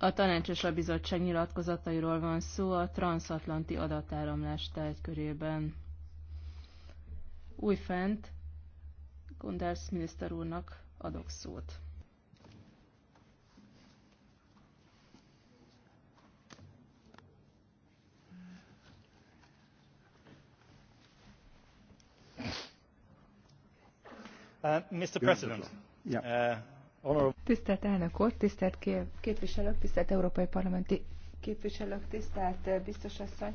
A tanácsos a bizottság nyilatkozatairól van szó a transatlanti adatáramlás körében. Újfent Konders miniszter úrnak adok szót. Uh, Mr. President, yeah. uh, Tisztelt elnök úr, tisztelt képviselők, tisztelt európai parlamenti képviselők, tisztelt eh, biztos asszony.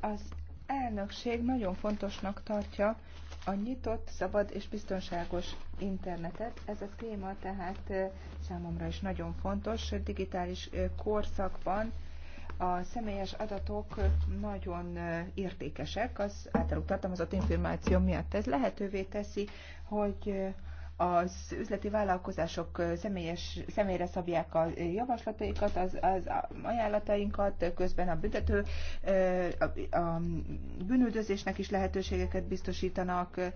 Az elnökség nagyon fontosnak tartja a nyitott, szabad és biztonságos internetet. Ez a téma tehát eh, számomra is nagyon fontos. Digitális eh, korszakban a személyes adatok nagyon értékesek, az általuk tartalmazott információ miatt. Ez lehetővé teszi, hogy az üzleti vállalkozások személyes, személyre szabják a javaslataikat, az, az ajánlatainkat, közben a büntető, a, a bűnüldözésnek is lehetőségeket biztosítanak,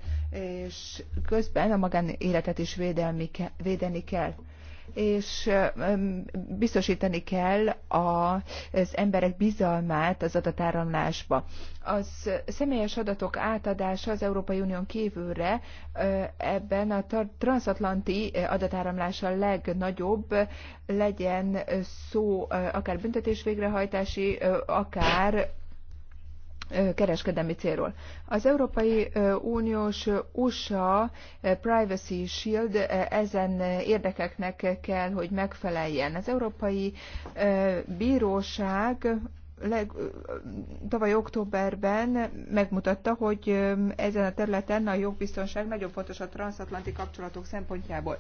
és közben a magánéletet is védelmi, védeni kell és biztosítani kell az emberek bizalmát az adatáramlásba. Az személyes adatok átadása az Európai Unión kívülre ebben a transatlanti adatáramlás legnagyobb, legyen szó akár büntetés végrehajtási, akár kereskedelmi célról. Az Európai Uniós USA Privacy Shield ezen érdekeknek kell, hogy megfeleljen. Az Európai Bíróság leg, tavaly októberben megmutatta, hogy ezen a területen a jogbiztonság nagyon fontos a transatlanti kapcsolatok szempontjából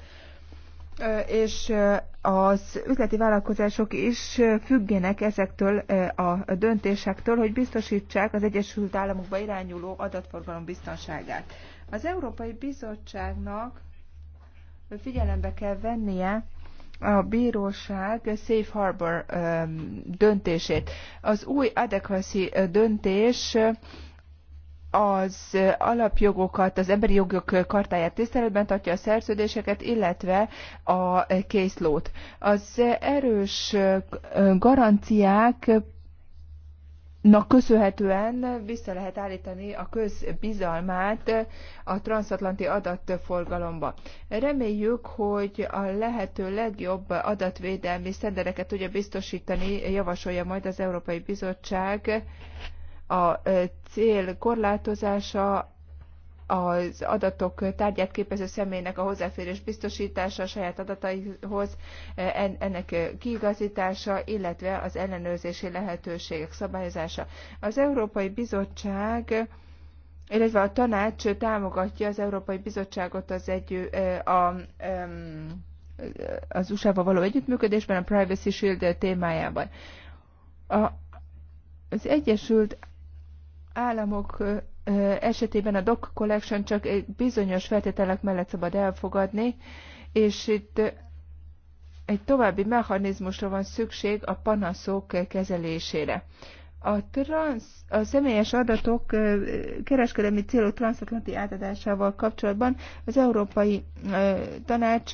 és az üzleti vállalkozások is függenek ezektől a döntésektől, hogy biztosítsák az Egyesült Államokba irányuló adatforgalom biztonságát. Az Európai Bizottságnak figyelembe kell vennie a bíróság Safe Harbor döntését. Az új adequacy döntés az alapjogokat, az emberi jogok kartáját tiszteletben tartja a szerződéseket, illetve a készlót. Az erős garanciák Na, köszönhetően vissza lehet állítani a közbizalmát a transatlanti adatforgalomba. Reméljük, hogy a lehető legjobb adatvédelmi szendereket tudja biztosítani, javasolja majd az Európai Bizottság a cél korlátozása, az adatok tárgyát képező személynek a hozzáférés biztosítása a saját adataihoz, ennek kiigazítása, illetve az ellenőrzési lehetőségek szabályozása. Az Európai Bizottság illetve a tanács támogatja az Európai Bizottságot az egy, a, a, az USA-val való együttműködésben, a Privacy Shield témájában. A, az Egyesült államok esetében a DOC Collection csak bizonyos feltételek mellett szabad elfogadni, és itt egy további mechanizmusra van szükség a panaszok kezelésére. A, transz, a személyes adatok kereskedelmi célú transatlanti átadásával kapcsolatban az Európai Tanács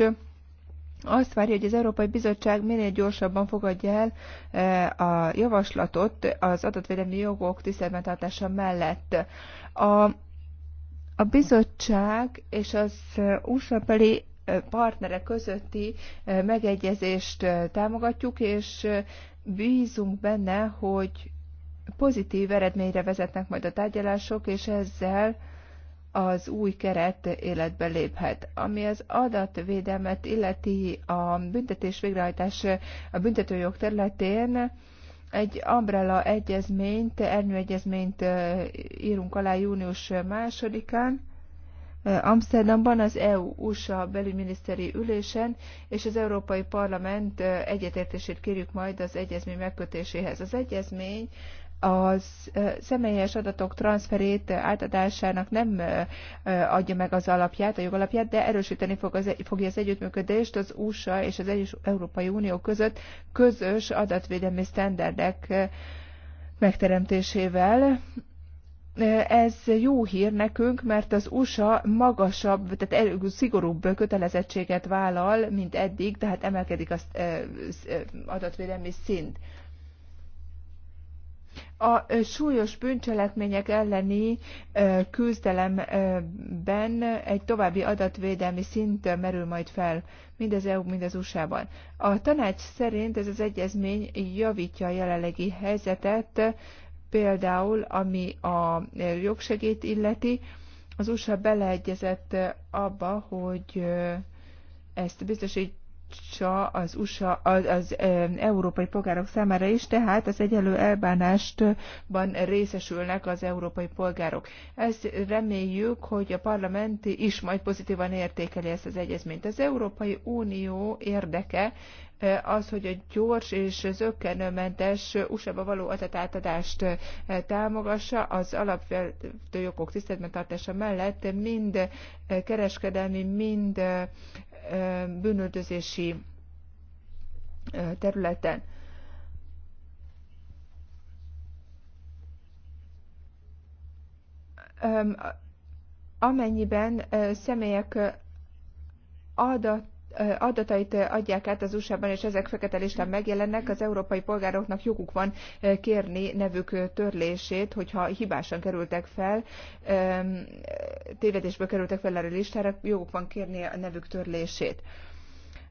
azt várja, hogy az Európai Bizottság minél gyorsabban fogadja el e, a javaslatot az adatvédelmi jogok tiszteletben tartása mellett. A, a bizottság és az usa e, partnerek közötti e, megegyezést támogatjuk, és bízunk benne, hogy pozitív eredményre vezetnek majd a tárgyalások, és ezzel az új keret életbe léphet. Ami az adatvédelmet illeti a büntetés végrehajtás a büntetőjog területén, egy umbrella egyezményt, egyezményt írunk alá június másodikán, Amsterdamban az EU-USA belügyminiszteri ülésen, és az Európai Parlament egyetértését kérjük majd az egyezmény megkötéséhez. Az egyezmény az személyes adatok transferét átadásának nem adja meg az alapját, a jogalapját, de erősíteni fog az, fogja az együttműködést az USA és az Egyes Európai Unió között közös adatvédelmi sztenderdek megteremtésével. Ez jó hír nekünk, mert az USA magasabb, tehát szigorúbb kötelezettséget vállal, mint eddig, tehát emelkedik az adatvédelmi szint a súlyos bűncselekmények elleni küzdelemben egy további adatvédelmi szint merül majd fel, mind az EU, mind az USA-ban. A tanács szerint ez az egyezmény javítja a jelenlegi helyzetet, például ami a jogsegét illeti. Az USA beleegyezett abba, hogy ezt biztosít, tiltsa az USA, az, az európai polgárok számára is, tehát az egyenlő elbánástban részesülnek az európai polgárok. Ezt reméljük, hogy a parlament is majd pozitívan értékeli ezt az egyezményt. Az Európai Unió érdeke az, hogy a gyors és zöggenőmentes USA-ba való adatátadást támogassa, az alapvető jogok tiszteletben tartása mellett mind kereskedelmi, mind bűnöldözési területen. Amennyiben személyek adat adatait adják át az USA-ban, és ezek fekete listán megjelennek, az európai polgároknak joguk van eh, kérni nevük eh, törlését, hogyha hibásan kerültek fel, tévedésből kerültek fel erre a listára, joguk van kérni a nevük törlését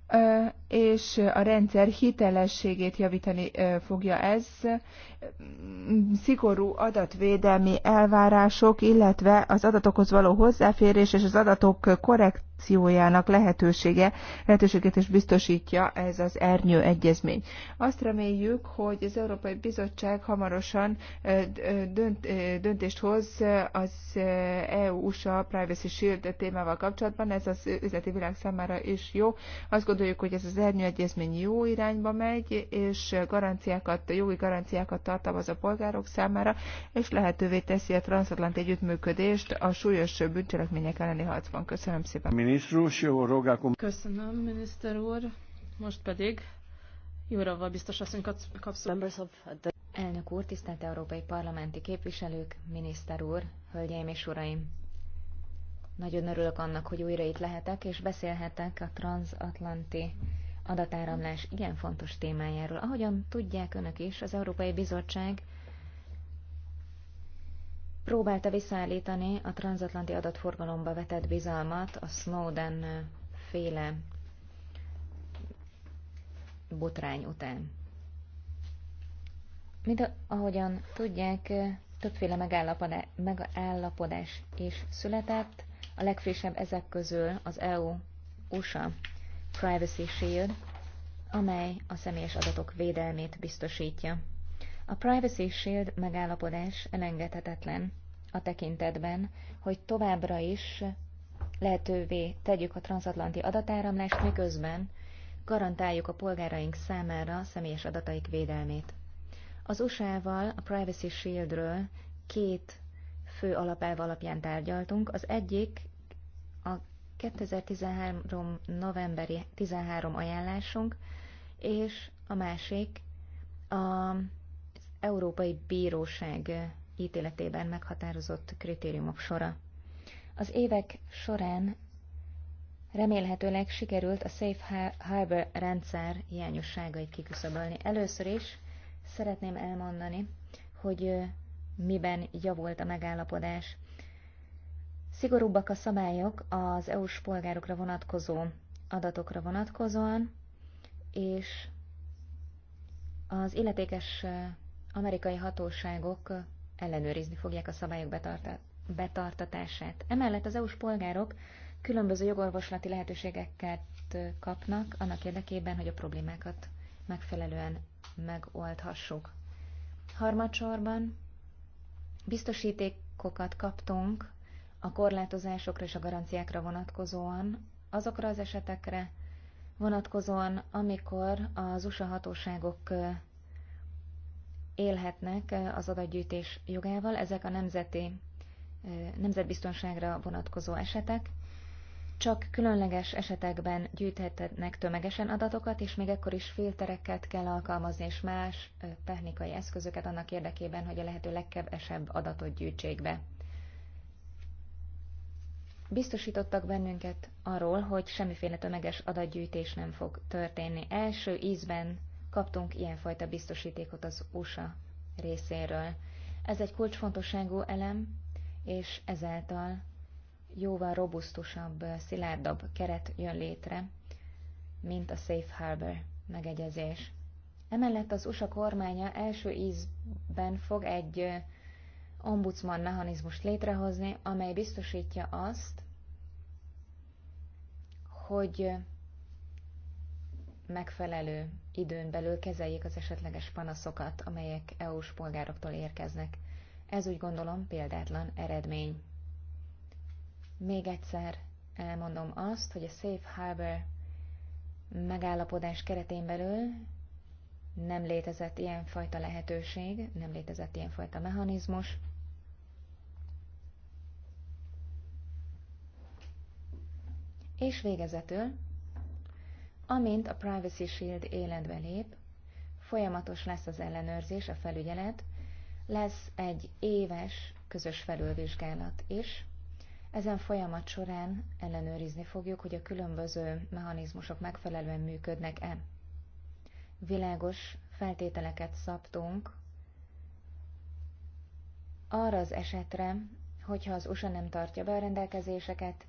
eh, és a rendszer hitelességét javítani fogja ez. Szigorú adatvédelmi elvárások, illetve az adatokhoz való hozzáférés és az adatok korrekt akciójának lehetősége, lehetőséget is biztosítja ez az ernyő egyezmény. Azt reméljük, hogy az Európai Bizottság hamarosan dönt, döntést hoz az EU-USA Privacy Shield témával kapcsolatban, ez az üzleti világ számára is jó. Azt gondoljuk, hogy ez az ernyő egyezmény jó irányba megy, és garanciákat, jogi garanciákat tartalmaz a polgárok számára, és lehetővé teszi a transatlanti együttműködést a súlyos bűncselekmények elleni harcban. Köszönöm szépen ministru, Köszönöm, miniszter úr. Most pedig Jurova biztos asszony kapszul. the... Elnök úr, tisztelt európai parlamenti képviselők, miniszter úr, hölgyeim és uraim! Nagyon örülök annak, hogy újra itt lehetek, és beszélhetek a transatlanti adatáramlás igen fontos témájáról. Ahogyan tudják önök is, az Európai Bizottság próbálta visszaállítani a transatlanti adatforgalomba vetett bizalmat a Snowden féle botrány után. Mint ahogyan tudják, többféle megállapodás is született, a legfrissebb ezek közül az EU-USA Privacy Shield, amely a személyes adatok védelmét biztosítja. A Privacy Shield megállapodás elengedhetetlen a tekintetben, hogy továbbra is lehetővé tegyük a transatlanti adatáramlást, miközben garantáljuk a polgáraink számára személyes adataik védelmét. Az USA-val a Privacy Shieldről két fő alapelv alapján tárgyaltunk. Az egyik a 2013. novemberi 13 ajánlásunk, és a másik a Európai Bíróság ítéletében meghatározott kritériumok sora. Az évek során remélhetőleg sikerült a Safe Harbor rendszer hiányosságait kiküszöbölni. Először is szeretném elmondani, hogy miben javult a megállapodás. Szigorúbbak a szabályok az EU-s polgárokra vonatkozó adatokra vonatkozóan, és az illetékes amerikai hatóságok ellenőrizni fogják a szabályok betartatását. Emellett az EU-s polgárok különböző jogorvoslati lehetőségeket kapnak annak érdekében, hogy a problémákat megfelelően megoldhassuk. Harmadsorban biztosítékokat kaptunk a korlátozásokra és a garanciákra vonatkozóan, azokra az esetekre vonatkozóan, amikor az USA hatóságok élhetnek az adatgyűjtés jogával. Ezek a nemzeti, nemzetbiztonságra vonatkozó esetek. Csak különleges esetekben gyűjthetnek tömegesen adatokat, és még ekkor is filtereket kell alkalmazni, és más technikai eszközöket annak érdekében, hogy a lehető legkevesebb adatot gyűjtsék be. Biztosítottak bennünket arról, hogy semmiféle tömeges adatgyűjtés nem fog történni. Első ízben kaptunk ilyenfajta biztosítékot az USA részéről. Ez egy kulcsfontosságú elem, és ezáltal jóval robusztusabb, szilárdabb keret jön létre, mint a Safe Harbor megegyezés. Emellett az USA kormánya első ízben fog egy ombudsman mechanizmust létrehozni, amely biztosítja azt, hogy megfelelő időn belül kezeljék az esetleges panaszokat, amelyek EU-s polgároktól érkeznek. Ez úgy gondolom példátlan eredmény. Még egyszer elmondom azt, hogy a Safe Harbor megállapodás keretén belül nem létezett ilyenfajta lehetőség, nem létezett ilyenfajta mechanizmus. És végezetül Amint a Privacy Shield életbe lép, folyamatos lesz az ellenőrzés, a felügyelet, lesz egy éves közös felülvizsgálat is. Ezen folyamat során ellenőrizni fogjuk, hogy a különböző mechanizmusok megfelelően működnek-e. Világos feltételeket szabtunk arra az esetre, hogyha az USA nem tartja be a rendelkezéseket,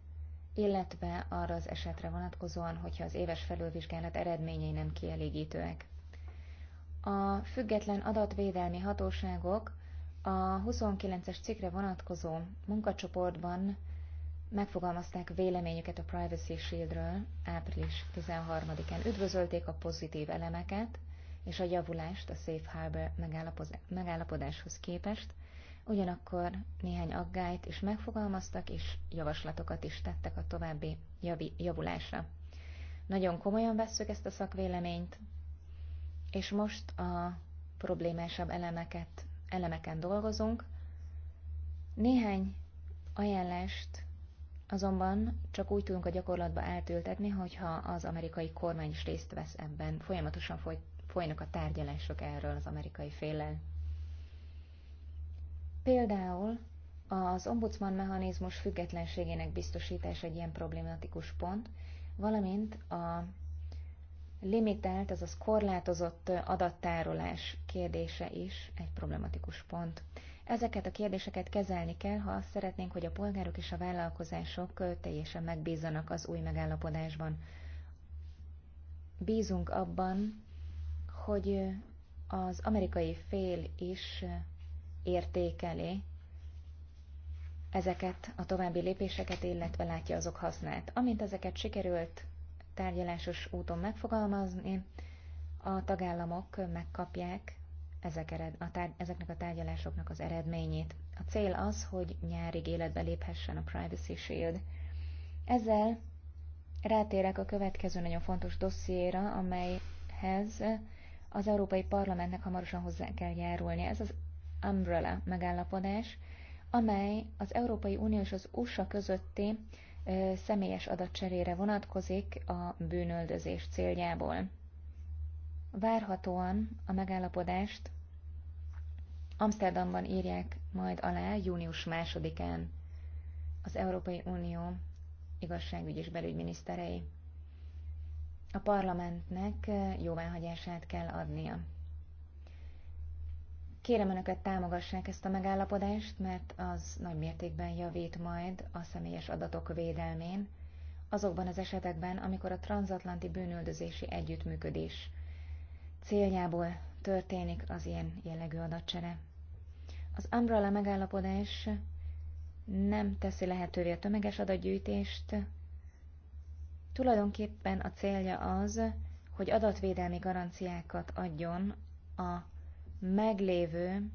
illetve arra az esetre vonatkozóan, hogyha az éves felülvizsgálat eredményei nem kielégítőek. A független adatvédelmi hatóságok a 29-es cikkre vonatkozó munkacsoportban megfogalmazták véleményüket a Privacy Shieldről április 13-án. Üdvözölték a pozitív elemeket és a javulást a Safe Harbor megállapodáshoz képest, ugyanakkor néhány aggályt is megfogalmaztak, és javaslatokat is tettek a további javulásra. Nagyon komolyan vesszük ezt a szakvéleményt, és most a problémásabb elemeket, elemeken dolgozunk. Néhány ajánlást azonban csak úgy tudunk a gyakorlatba átültetni, hogyha az amerikai kormány is részt vesz ebben. Folyamatosan foly, folynak a tárgyalások erről az amerikai félel. Például az ombudsman mechanizmus függetlenségének biztosítás egy ilyen problematikus pont, valamint a limitált, azaz korlátozott adattárolás kérdése is egy problematikus pont. Ezeket a kérdéseket kezelni kell, ha azt szeretnénk, hogy a polgárok és a vállalkozások teljesen megbízzanak az új megállapodásban. Bízunk abban, hogy az amerikai fél is értékeli ezeket a további lépéseket, illetve látja azok hasznát. Amint ezeket sikerült tárgyalásos úton megfogalmazni, a tagállamok megkapják ezek ered, a tár, ezeknek a tárgyalásoknak az eredményét. A cél az, hogy nyárig életbe léphessen a Privacy Shield. Ezzel rátérek a következő nagyon fontos dossziéra, amelyhez az Európai Parlamentnek hamarosan hozzá kell járulni. Ez az Umbrella megállapodás, amely az Európai Unió és az USA közötti személyes adatcserére vonatkozik a bűnöldözés céljából. Várhatóan a megállapodást Amsterdamban írják majd alá június 2-án az Európai Unió igazságügy és belügyminiszterei. A parlamentnek jóváhagyását kell adnia. Kérem Önöket támogassák ezt a megállapodást, mert az nagy mértékben javít majd a személyes adatok védelmén, azokban az esetekben, amikor a transatlanti bűnöldözési együttműködés céljából történik az ilyen jellegű adatcsere. Az Umbrella megállapodás nem teszi lehetővé a tömeges adatgyűjtést, tulajdonképpen a célja az, hogy adatvédelmi garanciákat adjon a meglévő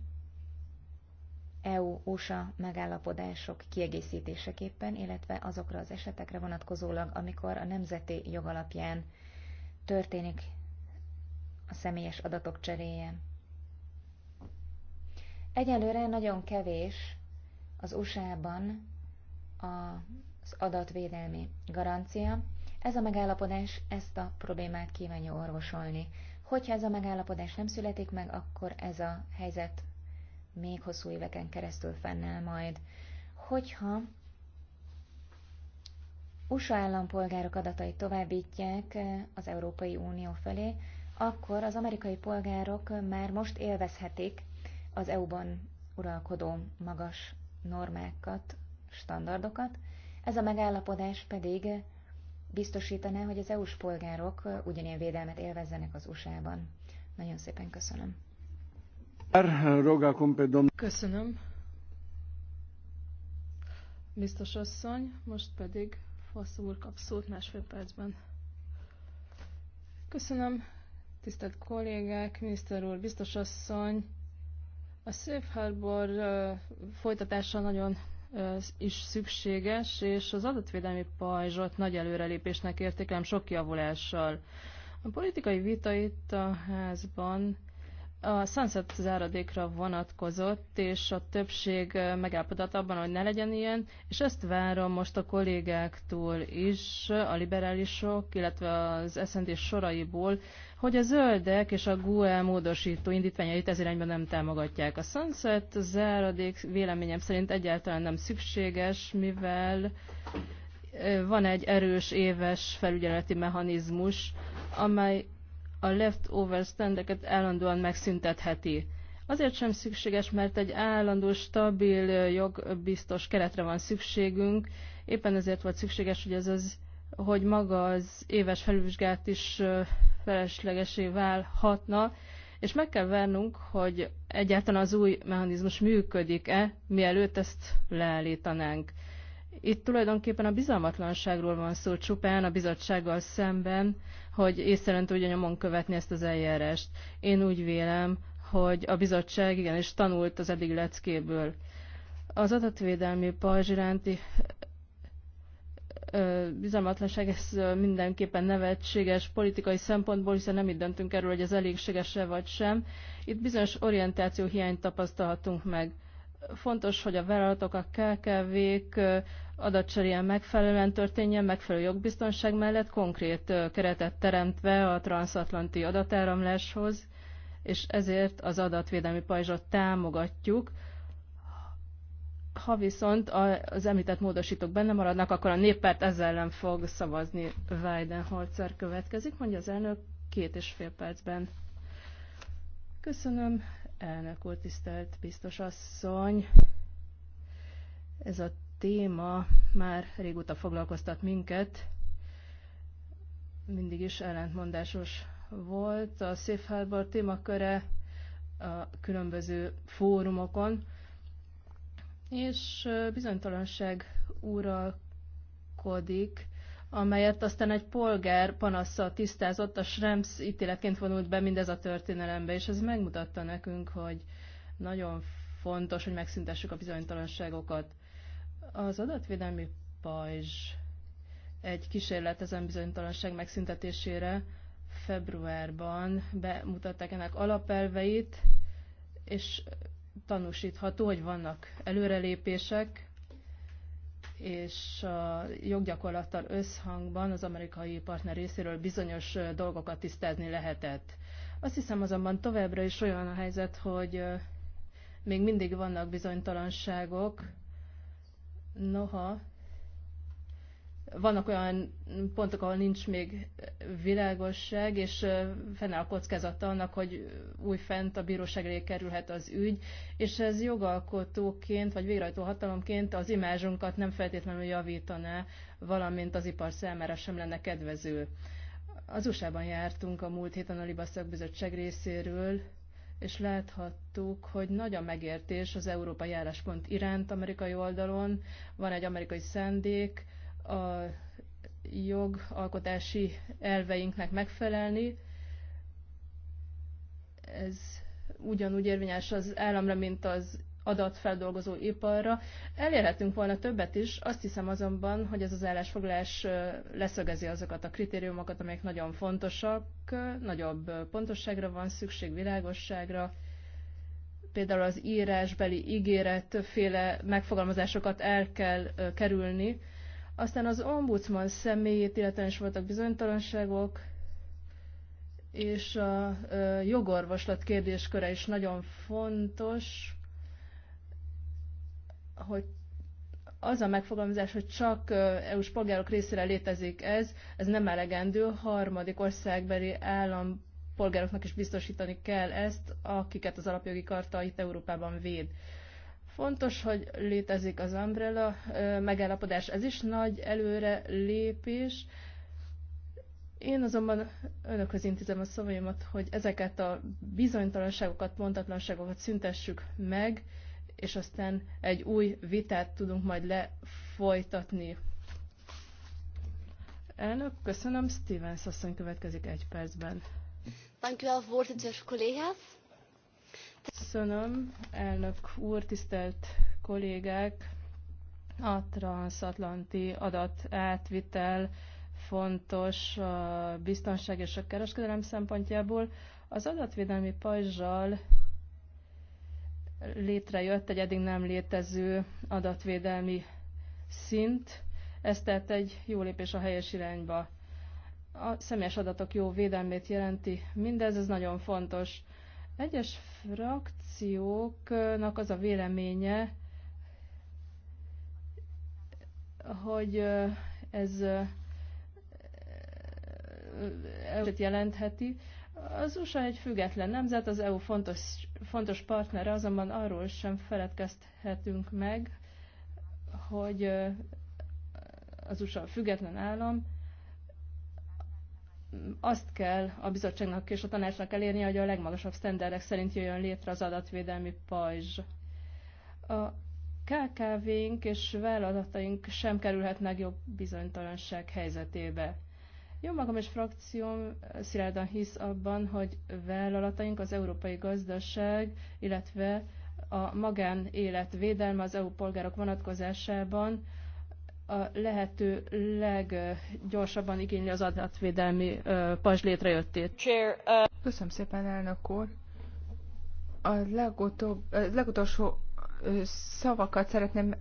EU-USA megállapodások kiegészítéseképpen, illetve azokra az esetekre vonatkozólag, amikor a nemzeti jog alapján történik a személyes adatok cseréje. Egyelőre nagyon kevés az USA-ban az adatvédelmi garancia. Ez a megállapodás ezt a problémát kívánja orvosolni. Hogyha ez a megállapodás nem születik meg, akkor ez a helyzet még hosszú éveken keresztül fennáll majd. Hogyha USA állampolgárok adatait továbbítják eh, az Európai Unió felé, akkor az amerikai polgárok eh, már most élvezhetik az EU-ban uralkodó magas normákat, standardokat, ez a megállapodás pedig eh, biztosítaná, hogy az EU-s polgárok ugyanilyen védelmet élvezzenek az USA-ban. Nagyon szépen köszönöm. Köszönöm. Biztos asszony, most pedig Fasz úr kap szót másfél percben. Köszönöm, tisztelt kollégák, miniszter úr, biztos asszony. A Safe Harbor folytatása nagyon is szükséges, és az adatvédelmi pajzsot nagy előrelépésnek értékelem sok javulással. A politikai vita itt a házban a sunset záradékra vonatkozott, és a többség megállapodott abban, hogy ne legyen ilyen, és ezt várom most a kollégáktól is, a liberálisok, illetve az SZND soraiból, hogy a zöldek és a GUE módosító indítványait ez irányban nem támogatják. A sunset záradék véleményem szerint egyáltalán nem szükséges, mivel van egy erős éves felügyeleti mechanizmus, amely a leftover standeket állandóan megszüntetheti. Azért sem szükséges, mert egy állandó, stabil, jogbiztos keretre van szükségünk. Éppen ezért volt szükséges, hogy ez az hogy maga az éves felülvizsgát is feleslegesé válhatna, és meg kell vennünk, hogy egyáltalán az új mechanizmus működik-e, mielőtt ezt leállítanánk. Itt tulajdonképpen a bizalmatlanságról van szó csupán a bizottsággal szemben, hogy észszerűen tudja nyomon követni ezt az eljárást. Én úgy vélem, hogy a bizottság igenis tanult az eddig leckéből. Az adatvédelmi pajzs iránti bizalmatlanság, ez mindenképpen nevetséges politikai szempontból, hiszen nem itt döntünk erről, hogy ez elégséges-e vagy sem. Itt bizonyos orientáció hiányt tapasztalhatunk meg. Fontos, hogy a vállalatok, a KKV-k megfelelően történjen, megfelelő jogbiztonság mellett konkrét keretet teremtve a transatlanti adatáramláshoz, és ezért az adatvédelmi pajzsot támogatjuk, ha viszont az említett módosítók benne maradnak, akkor a néppárt ezzel ellen fog szavazni. Weidenholzer következik, mondja az elnök két és fél percben. Köszönöm, elnök úr, tisztelt biztos asszony. Ez a téma már régóta foglalkoztat minket. Mindig is ellentmondásos volt a Safe Harbor témaköre a különböző fórumokon, és bizonytalanság uralkodik amelyet aztán egy polgár panasza tisztázott, a Schrems ítéleként vonult be mindez a történelembe, és ez megmutatta nekünk, hogy nagyon fontos, hogy megszüntessük a bizonytalanságokat. Az adatvédelmi pajzs egy kísérlet ezen bizonytalanság megszüntetésére februárban bemutatták ennek alapelveit, és tanúsítható, hogy vannak előrelépések, és a joggyakorlattal összhangban az amerikai partner részéről bizonyos dolgokat tisztázni lehetett. Azt hiszem azonban továbbra is olyan a helyzet, hogy még mindig vannak bizonytalanságok, noha vannak olyan pontok, ahol nincs még világosság, és fennáll a kockázata annak, hogy újfent a bíróság elé kerülhet az ügy, és ez jogalkotóként, vagy végrehajtó hatalomként az imázsunkat nem feltétlenül javítaná, valamint az ipar számára sem lenne kedvező. Az USA-ban jártunk a múlt héten a Liba szakbizottság részéről, és láthattuk, hogy nagy a megértés az európai álláspont iránt amerikai oldalon, van egy amerikai szendék, a jogalkotási elveinknek megfelelni. Ez ugyanúgy érvényes az államra, mint az adatfeldolgozó iparra. Elérhetünk volna többet is, azt hiszem azonban, hogy ez az állásfoglalás leszögezi azokat a kritériumokat, amelyek nagyon fontosak, nagyobb pontosságra van szükség, világosságra, például az írásbeli ígéretféle megfogalmazásokat el kell kerülni, aztán az ombudsman személyét illetően is voltak bizonytalanságok, és a jogorvoslat kérdésköre is nagyon fontos, hogy az a megfogalmazás, hogy csak EU-s polgárok részére létezik ez, ez nem elegendő, harmadik országbeli állampolgároknak is biztosítani kell ezt, akiket az alapjogi karta itt Európában véd. Fontos, hogy létezik az Umbrella megállapodás. Ez is nagy előre lépés. Én azonban önökhöz intézem a szavaimat, hogy ezeket a bizonytalanságokat, pontatlanságokat szüntessük meg, és aztán egy új vitát tudunk majd lefolytatni. Elnök, köszönöm. Stevens asszony következik egy percben. Dank Köszönöm, elnök úr, tisztelt kollégák! A transatlanti adat átvitel fontos a biztonság és a kereskedelem szempontjából. Az adatvédelmi pajzsal létrejött egy eddig nem létező adatvédelmi szint, ez tehát egy jó lépés a helyes irányba. A személyes adatok jó védelmét jelenti mindez, ez nagyon fontos. Egyes frakcióknak az a véleménye, hogy ez előtt jelentheti. Az USA egy független nemzet, az EU fontos, fontos partnere, azonban arról sem feledkezhetünk meg, hogy az USA független állam, azt kell a bizottságnak és a tanácsnak elérnie, hogy a legmagasabb sztenderdek szerint jöjjön létre az adatvédelmi pajzs. A KKV-nk és vállalataink sem kerülhetnek jobb bizonytalanság helyzetébe. Jó magam és frakcióm szilárdan hisz abban, hogy vállalataink az európai gazdaság, illetve a magánélet védelme az EU polgárok vonatkozásában a lehető leggyorsabban igényli az adatvédelmi pajzs létrejöttét. Köszönöm szépen, elnök úr. A legutóbb, legutolsó szavakat szeretném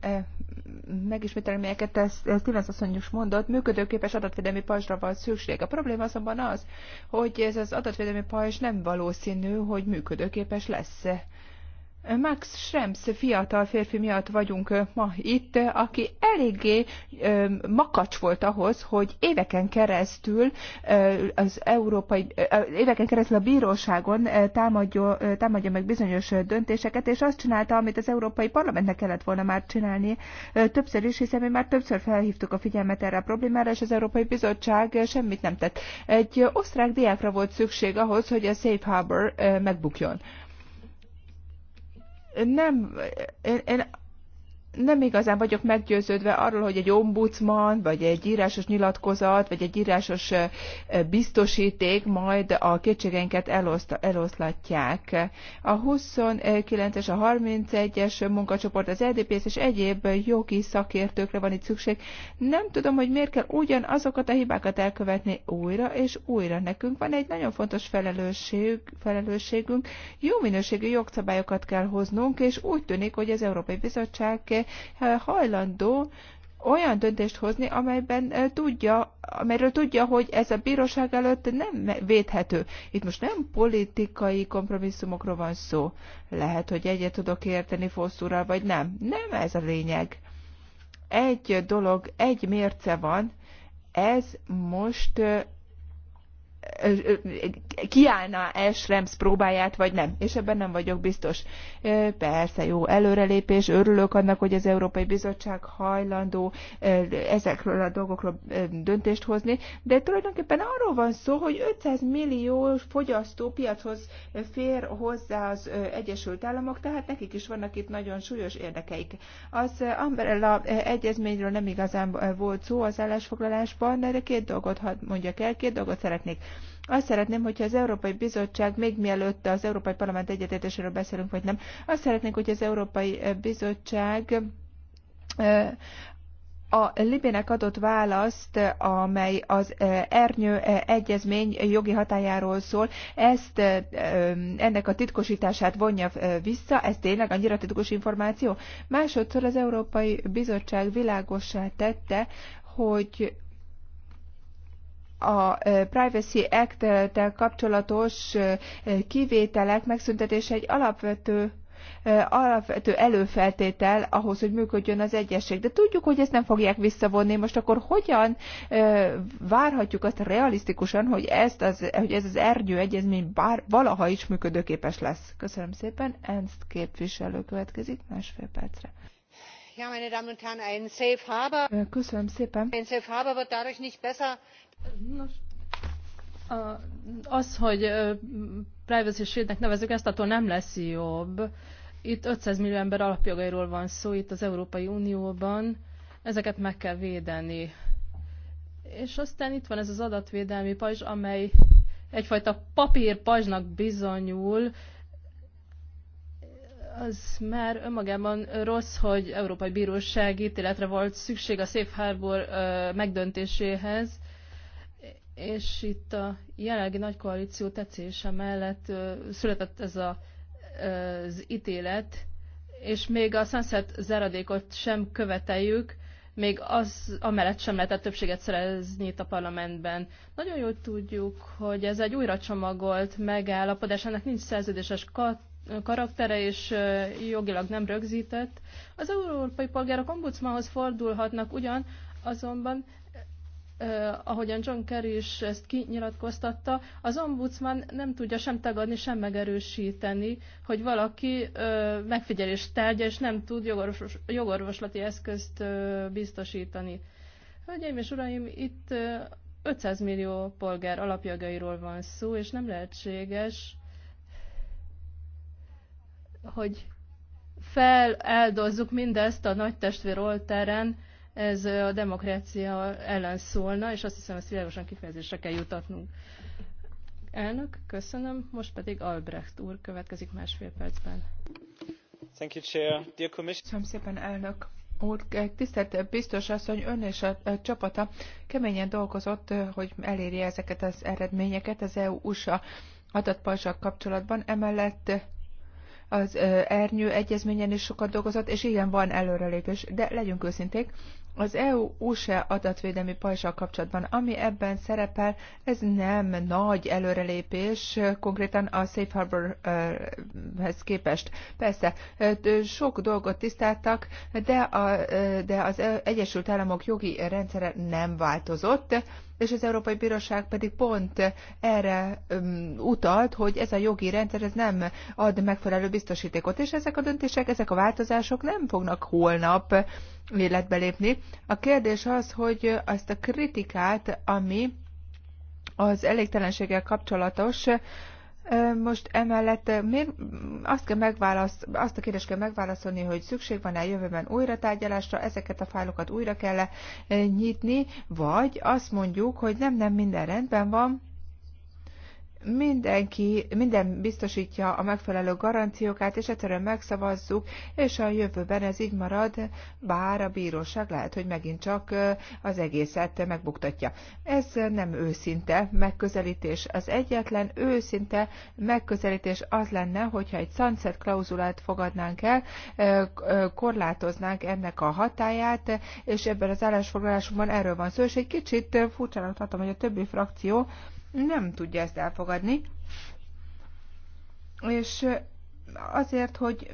megismételni, melyeket Stevens asszony is mondott, működőképes adatvédelmi pajzsra van szükség. A probléma azonban az, hogy ez az adatvédelmi pajzs nem valószínű, hogy működőképes lesz. Max Schrems fiatal férfi miatt vagyunk ma itt, aki eléggé makacs volt ahhoz, hogy éveken keresztül az európai, éveken keresztül a bíróságon támadja, támadja meg bizonyos döntéseket, és azt csinálta, amit az Európai Parlamentnek kellett volna már csinálni többször is, hiszen mi már többször felhívtuk a figyelmet erre a problémára, és az Európai Bizottság semmit nem tett. Egy osztrák diákra volt szükség ahhoz, hogy a Safe Harbor megbukjon nem, én, én nem igazán vagyok meggyőződve arról, hogy egy ombudsman, vagy egy írásos nyilatkozat, vagy egy írásos biztosíték majd a kétségeinket eloszt, eloszlatják. A 29-es, a 31-es munkacsoport, az EDPS és egyéb jogi szakértőkre van itt szükség. Nem tudom, hogy miért kell ugyanazokat a hibákat elkövetni újra és újra. Nekünk van egy nagyon fontos felelősség, felelősségünk. Jó minőségű jogszabályokat kell hoznunk, és úgy tűnik, hogy az Európai Bizottság hajlandó olyan döntést hozni, amelyben tudja, amelyről tudja, hogy ez a bíróság előtt nem védhető. Itt most nem politikai kompromisszumokról van szó. Lehet, hogy egyet tudok érteni Fosszúrral, vagy nem. Nem ez a lényeg. Egy dolog, egy mérce van, ez most kiállna Esrems próbáját, vagy nem. És ebben nem vagyok biztos. Persze, jó előrelépés, örülök annak, hogy az Európai Bizottság hajlandó ezekről a dolgokról döntést hozni, de tulajdonképpen arról van szó, hogy 500 millió fogyasztó piachoz fér hozzá az Egyesült Államok, tehát nekik is vannak itt nagyon súlyos érdekeik. Az Umbrella egyezményről nem igazán volt szó az állásfoglalásban, de két dolgot mondjak el, két dolgot szeretnék azt szeretném, hogyha az Európai Bizottság, még mielőtt az Európai Parlament egyetértéséről beszélünk, vagy nem, azt szeretnénk, hogy az Európai Bizottság a Libének adott választ, amely az Ernyő Egyezmény jogi hatájáról szól, ezt ennek a titkosítását vonja vissza, ez tényleg annyira titkos információ? Másodszor az Európai Bizottság világossá tette, hogy a Privacy Act-tel kapcsolatos kivételek megszüntetése egy alapvető alapvető előfeltétel ahhoz, hogy működjön az egyesség. De tudjuk, hogy ezt nem fogják visszavonni. Most akkor hogyan várhatjuk azt realisztikusan, hogy, ezt az, hogy ez az ernyő egyezmény bár valaha is működőképes lesz? Köszönöm szépen. Ernst képviselő következik másfél percre. Ja, meine Damen und Herren, ein Safe Harbor. Köszönöm szépen. Ein Safe Harbor wird dadurch nicht besser, Nos, a, az, hogy privacy shieldnek nevezük ezt, attól nem lesz jobb. Itt 500 millió ember alapjogairól van szó itt az Európai Unióban, ezeket meg kell védeni. És aztán itt van ez az adatvédelmi pajzs, amely egyfajta papír pajzsnak bizonyul, az már önmagában rossz, hogy Európai Bíróság ítéletre volt szükség a Safe Harbor megdöntéséhez, és itt a jelenlegi nagy koalíció tetszése mellett született ez a, az ítélet, és még a Sunset zeradékot sem követeljük, még az amellett sem lehetett többséget szerezni itt a parlamentben. Nagyon jól tudjuk, hogy ez egy újra csomagolt megállapodás, ennek nincs szerződéses kat karaktere és jogilag nem rögzített. Az európai polgárok ombudsmanhoz fordulhatnak ugyan, azonban ahogyan John Kerry is ezt kinyilatkoztatta, az ombudsman nem tudja sem tagadni, sem megerősíteni, hogy valaki megfigyelést tárgya, és nem tud jogorvos, jogorvoslati eszközt biztosítani. Hölgyeim és uraim, itt 500 millió polgár alapjogairól van szó, és nem lehetséges, hogy feláldozzuk mindezt a nagy testvér oltáren, ez a demokrácia ellen szólna, és azt hiszem, ezt világosan kifejezésre kell jutatnunk. Elnök, köszönöm. Most pedig Albrecht úr következik másfél percben. Thank you, Chair. Dear Köszönöm szépen, elnök úr. Tisztelt biztos asszony, ön és a csapata keményen dolgozott, hogy elérje ezeket az eredményeket az EU-USA adatpajzsak kapcsolatban. Emellett az ernyő egyezményen is sokat dolgozott, és igen, van előrelépés, de legyünk őszinték, az EU-USA e adatvédelmi pajzsal kapcsolatban, ami ebben szerepel, ez nem nagy előrelépés konkrétan a Safe Harbor-hez képest. Persze, sok dolgot tisztáltak, de, a, de az Egyesült Államok jogi rendszere nem változott, és az Európai Bíróság pedig pont erre utalt, hogy ez a jogi rendszer ez nem ad megfelelő biztosítékot, és ezek a döntések, ezek a változások nem fognak holnap életbe lépni. A kérdés az, hogy azt a kritikát, ami az elégtelenséggel kapcsolatos, most emellett még azt, kell megválasz, azt a kérdést kell megválaszolni, hogy szükség van-e jövőben újra tárgyalásra, ezeket a fájlokat újra kell -e nyitni, vagy azt mondjuk, hogy nem, nem, minden rendben van, mindenki, minden biztosítja a megfelelő garanciókát, és egyszerűen megszavazzuk, és a jövőben ez így marad, bár a bíróság lehet, hogy megint csak az egészet megbuktatja. Ez nem őszinte megközelítés. Az egyetlen őszinte megközelítés az lenne, hogyha egy sunset klauzulát fogadnánk el, korlátoznánk ennek a hatáját, és ebben az állásfoglalásunkban erről van szó, és egy kicsit furcsának tartom, hogy a többi frakció nem tudja ezt elfogadni, és azért, hogy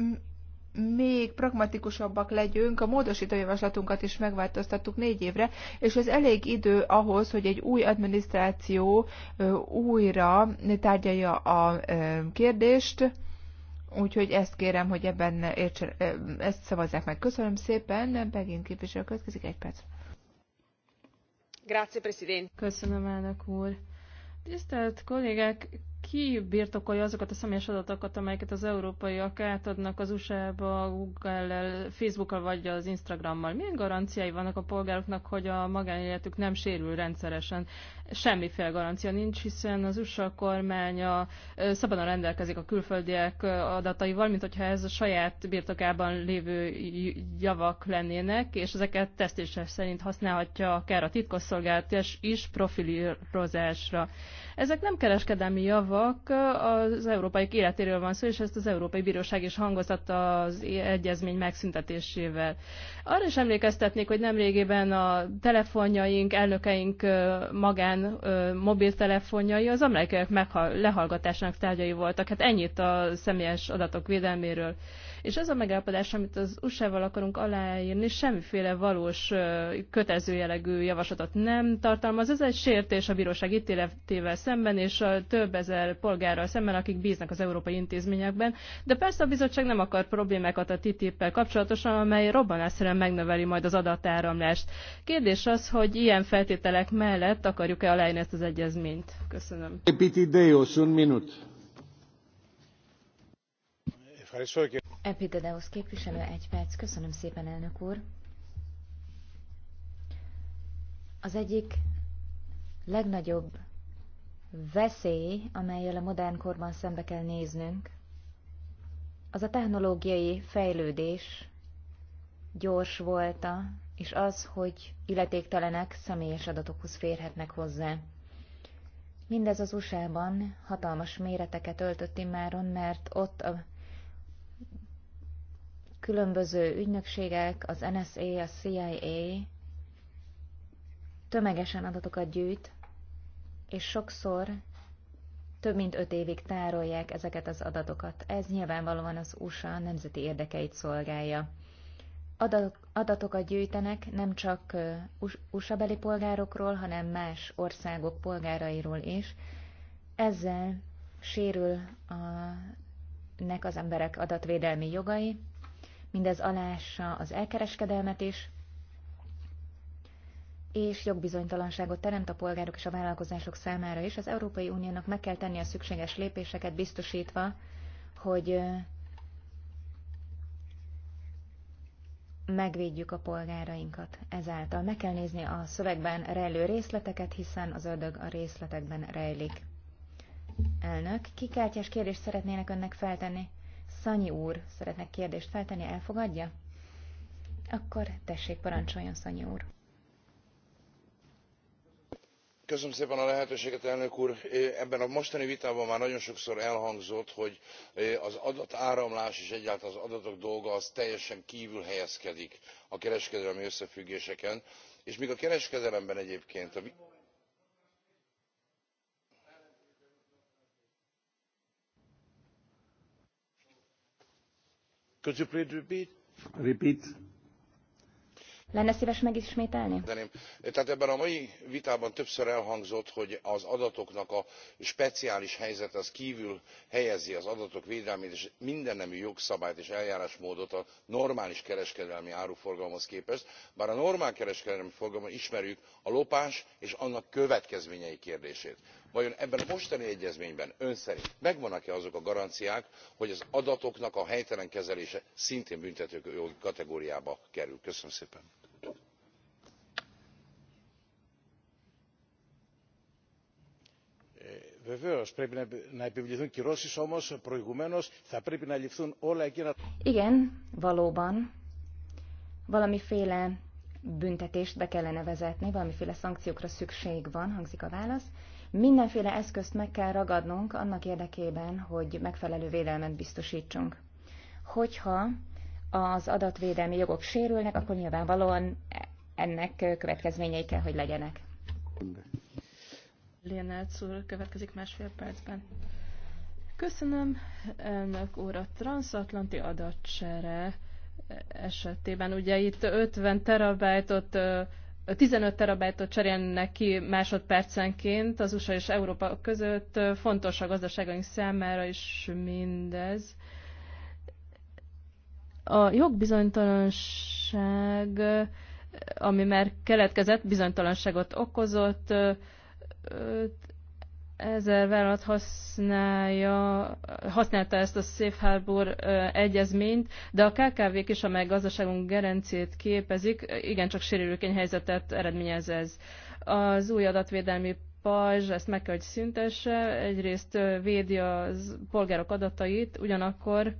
még pragmatikusabbak legyünk, a módosítójavaslatunkat is megváltoztattuk négy évre, és ez elég idő ahhoz, hogy egy új adminisztráció újra tárgyalja a kérdést, úgyhogy ezt kérem, hogy ebben értsen, ezt szavazzák meg. Köszönöm szépen, megint képviselő következik egy perc. Grazie, Presidente. Köszönöm, elnök úr. Tisztelt kollégák, ki birtokolja azokat a személyes adatokat, amelyeket az európaiak átadnak az USA-ba, Google-el, al vagy az Instagrammal? Milyen garanciái vannak a polgároknak, hogy a magánéletük nem sérül rendszeresen? Semmiféle garancia nincs, hiszen az USA kormánya szabadon rendelkezik a külföldiek adataival, mint hogyha ez a saját birtokában lévő javak lennének, és ezeket tesztése szerint használhatja akár a titkosszolgálat is profilírozásra. Ezek nem kereskedelmi javak, az európai életéről van szó, és ezt az Európai Bíróság is hangoztatta az egyezmény megszüntetésével. Arra is emlékeztetnék, hogy nemrégében a telefonjaink, elnökeink magán mobiltelefonjai az amerikaiak lehallgatásának tárgyai voltak. Hát ennyit a személyes adatok védelméről. És ez a megállapodás, amit az USA-val akarunk aláírni, semmiféle valós kötelező jellegű javaslatot nem tartalmaz. Ez egy sértés a bíróság ítéletével szemben, és a több ezer polgárral szemben, akik bíznak az európai intézményekben. De persze a bizottság nem akar problémákat a TTIP-pel kapcsolatosan, amely robbanásszerűen megnöveli majd az adatáramlást. Kérdés az, hogy ilyen feltételek mellett akarjuk-e aláírni ezt az egyezményt. Köszönöm. Epitideos, un minut. Epidedeusz képviselő, egy perc. Köszönöm szépen, elnök úr. Az egyik legnagyobb veszély, amelyel a modern korban szembe kell néznünk, az a technológiai fejlődés gyors volta, és az, hogy illetéktelenek személyes adatokhoz férhetnek hozzá. Mindez az USA-ban hatalmas méreteket öltött immáron, mert ott a különböző ügynökségek, az NSA, a CIA tömegesen adatokat gyűjt, és sokszor több mint öt évig tárolják ezeket az adatokat. Ez nyilvánvalóan az USA nemzeti érdekeit szolgálja. adatokat gyűjtenek nem csak USA beli polgárokról, hanem más országok polgárairól is. Ezzel sérül a nek az emberek adatvédelmi jogai, mindez alássa az elkereskedelmet is, és jogbizonytalanságot teremt a polgárok és a vállalkozások számára is. Az Európai Uniónak meg kell tenni a szükséges lépéseket, biztosítva, hogy megvédjük a polgárainkat ezáltal. Meg kell nézni a szövegben rejlő részleteket, hiszen az ördög a részletekben rejlik. Elnök, kikártyás kérdést szeretnének önnek feltenni? Szanyi úr szeretne kérdést feltenni, elfogadja? Akkor tessék, parancsoljon, Szanyi úr. Köszönöm szépen a lehetőséget, elnök úr. Ebben a mostani vitában már nagyon sokszor elhangzott, hogy az adatáramlás és egyáltalán az adatok dolga az teljesen kívül helyezkedik a kereskedelmi összefüggéseken. És míg a kereskedelemben egyébként a Tehát ebben a mai vitában többször elhangzott, hogy az adatoknak a speciális helyzet az kvül helyezi az adatok védelmét és mindennemű jogszabályt és eljárásmódot a normális kereskedelmi áruforgalomhoz képest. Bár a normál kereskedelmi forgalomban ismerjük a lopás és annak következményei kérdését vajon ebben a mostani egyezményben ön szerint megvannak e azok a garanciák hogy az adatoknak a helytelen kezelése szintén büntetőjogi kategóriába kerül? köszönöm szépen. Eh, Igen, valóban valamiféle büntetést be kellene vezetni, valamiféle szankciókra szükség van, hangzik a válasz. Mindenféle eszközt meg kell ragadnunk annak érdekében, hogy megfelelő védelmet biztosítsunk. Hogyha az adatvédelmi jogok sérülnek, akkor nyilvánvalóan ennek következményei kell, hogy legyenek. Lénelc úr következik másfél percben. Köszönöm, elnök úr, a transatlanti adatsere esetében. Ugye itt 50 terabájtot 15 terabájtot cserélnek ki másodpercenként az USA és Európa között. Fontos a gazdaságaink számára is mindez. A jogbizonytalanság, ami már keletkezett, bizonytalanságot okozott, ezer vállalat használja, használta ezt a Safe Harbor egyezményt, de a KKV-k is, amely gazdaságunk gerencét képezik, igencsak sérülőkény helyzetet eredményez ez. Az új adatvédelmi pajzs, ezt meg kell, hogy szüntesse, egyrészt védi a polgárok adatait, ugyanakkor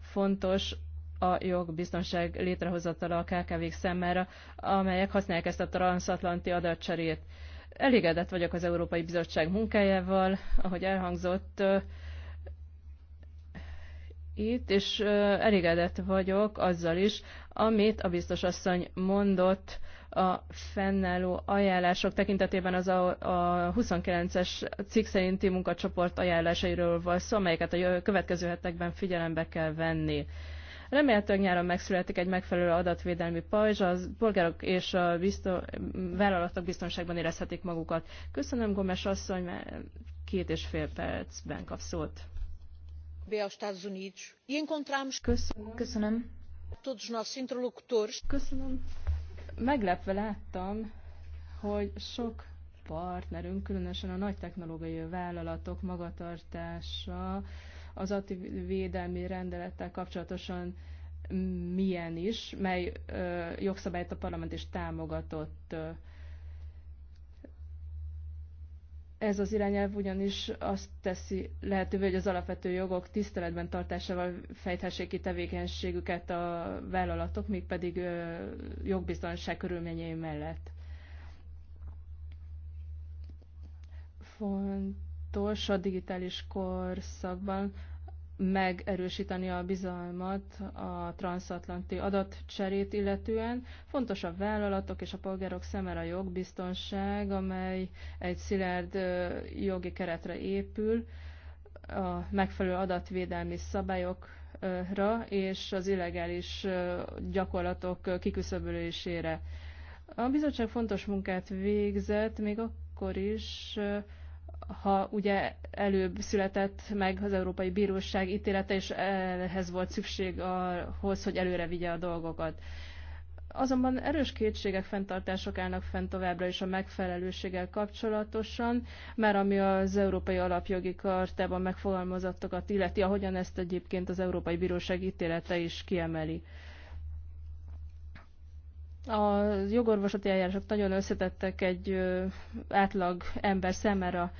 fontos a jogbiztonság létrehozatala a KKV-k számára, amelyek használják ezt a transatlanti adatcserét. Elégedett vagyok az Európai Bizottság munkájával, ahogy elhangzott itt, és elégedett vagyok azzal is, amit a biztos asszony mondott a fennálló ajánlások tekintetében az a, a 29-es cikk szerinti munkacsoport ajánlásairól van szó, amelyeket a következő hetekben figyelembe kell venni. Remélhetően nyáron megszületik egy megfelelő adatvédelmi pajzs, a polgárok és a biztos, vállalatok biztonságban érezhetik magukat. Köszönöm, Gomes asszony, mert két és fél percben kap szót. Köszönöm. Köszönöm. Köszönöm. Meglepve láttam, hogy sok partnerünk, különösen a nagy technológiai vállalatok magatartása, az védelmi rendelettel kapcsolatosan milyen is, mely ö, jogszabályt a parlament is támogatott. Ez az irányelv ugyanis azt teszi lehetővé, hogy az alapvető jogok tiszteletben tartásával fejthessék ki tevékenységüket a vállalatok, pedig ö, jogbiztonság körülményei mellett. Font fontos a digitális korszakban megerősíteni a bizalmat a transatlanti adatcserét illetően. Fontos a vállalatok és a polgárok szemére a jogbiztonság, amely egy szilárd jogi keretre épül, a megfelelő adatvédelmi szabályokra és az illegális gyakorlatok kiküszöbölésére. A bizottság fontos munkát végzett, még akkor is, ha ugye előbb született meg az Európai Bíróság ítélete, és ehhez volt szükség ahhoz, hogy előre vigye a dolgokat. Azonban erős kétségek, fenntartások állnak fent továbbra is a megfelelőséggel kapcsolatosan, mert ami az Európai Alapjogi Kartában megfogalmazottakat illeti, ahogyan ezt egyébként az Európai Bíróság ítélete is kiemeli. A jogorvosati eljárások nagyon összetettek egy átlag ember szemére,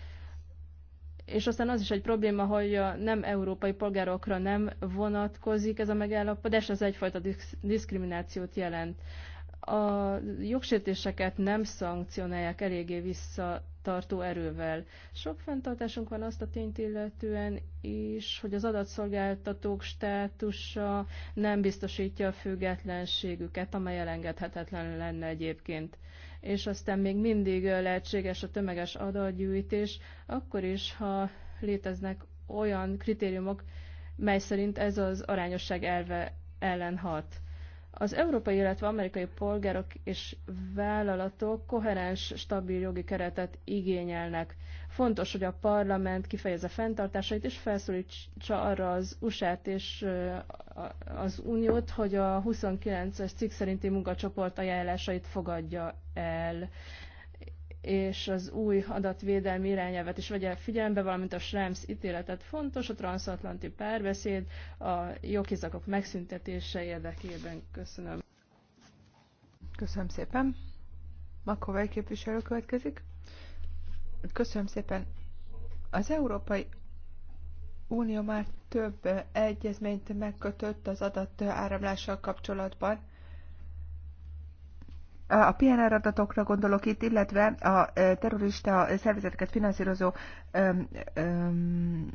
és aztán az is egy probléma, hogy a nem európai polgárokra nem vonatkozik ez a megállapodás, ez egyfajta diszkriminációt jelent. A jogsértéseket nem szankcionálják eléggé visszatartó erővel. Sok fenntartásunk van azt a tényt illetően is, hogy az adatszolgáltatók státusa nem biztosítja a függetlenségüket, amely elengedhetetlen lenne egyébként és aztán még mindig lehetséges a tömeges adatgyűjtés, akkor is, ha léteznek olyan kritériumok, mely szerint ez az arányosság elve ellen hat. Az európai, illetve amerikai polgárok és vállalatok koherens, stabil jogi keretet igényelnek. Fontos, hogy a parlament kifejezze fenntartásait, és felszólítsa arra az USA-t és az Uniót, hogy a 29-es cikk szerinti munkacsoport ajánlásait fogadja el és az új adatvédelmi irányelvet is vegye figyelembe, valamint a Schrems ítéletet fontos, a transatlanti párbeszéd a jogizakok megszüntetése érdekében. Köszönöm. Köszönöm szépen. Makovej képviselő következik. Köszönöm szépen. Az Európai Unió már több egyezményt megkötött az adat áramlással kapcsolatban. A PNR adatokra gondolok itt, illetve a terrorista szervezeteket finanszírozó öm, öm,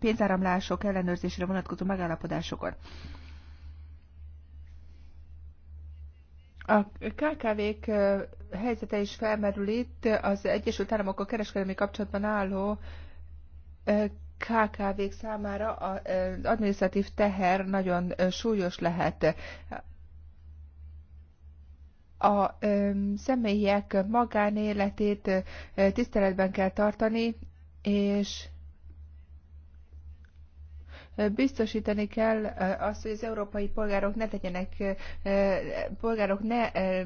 pénzáramlások ellenőrzésére vonatkozó megállapodásokon. A KKV-k helyzete is felmerül itt, az Egyesült a kereskedelmi kapcsolatban álló KKV-k számára az administratív teher nagyon súlyos lehet. A személyek magánéletét tiszteletben kell tartani, és Biztosítani kell eh, azt, hogy az európai polgárok ne legyenek, eh, polgárok ne eh,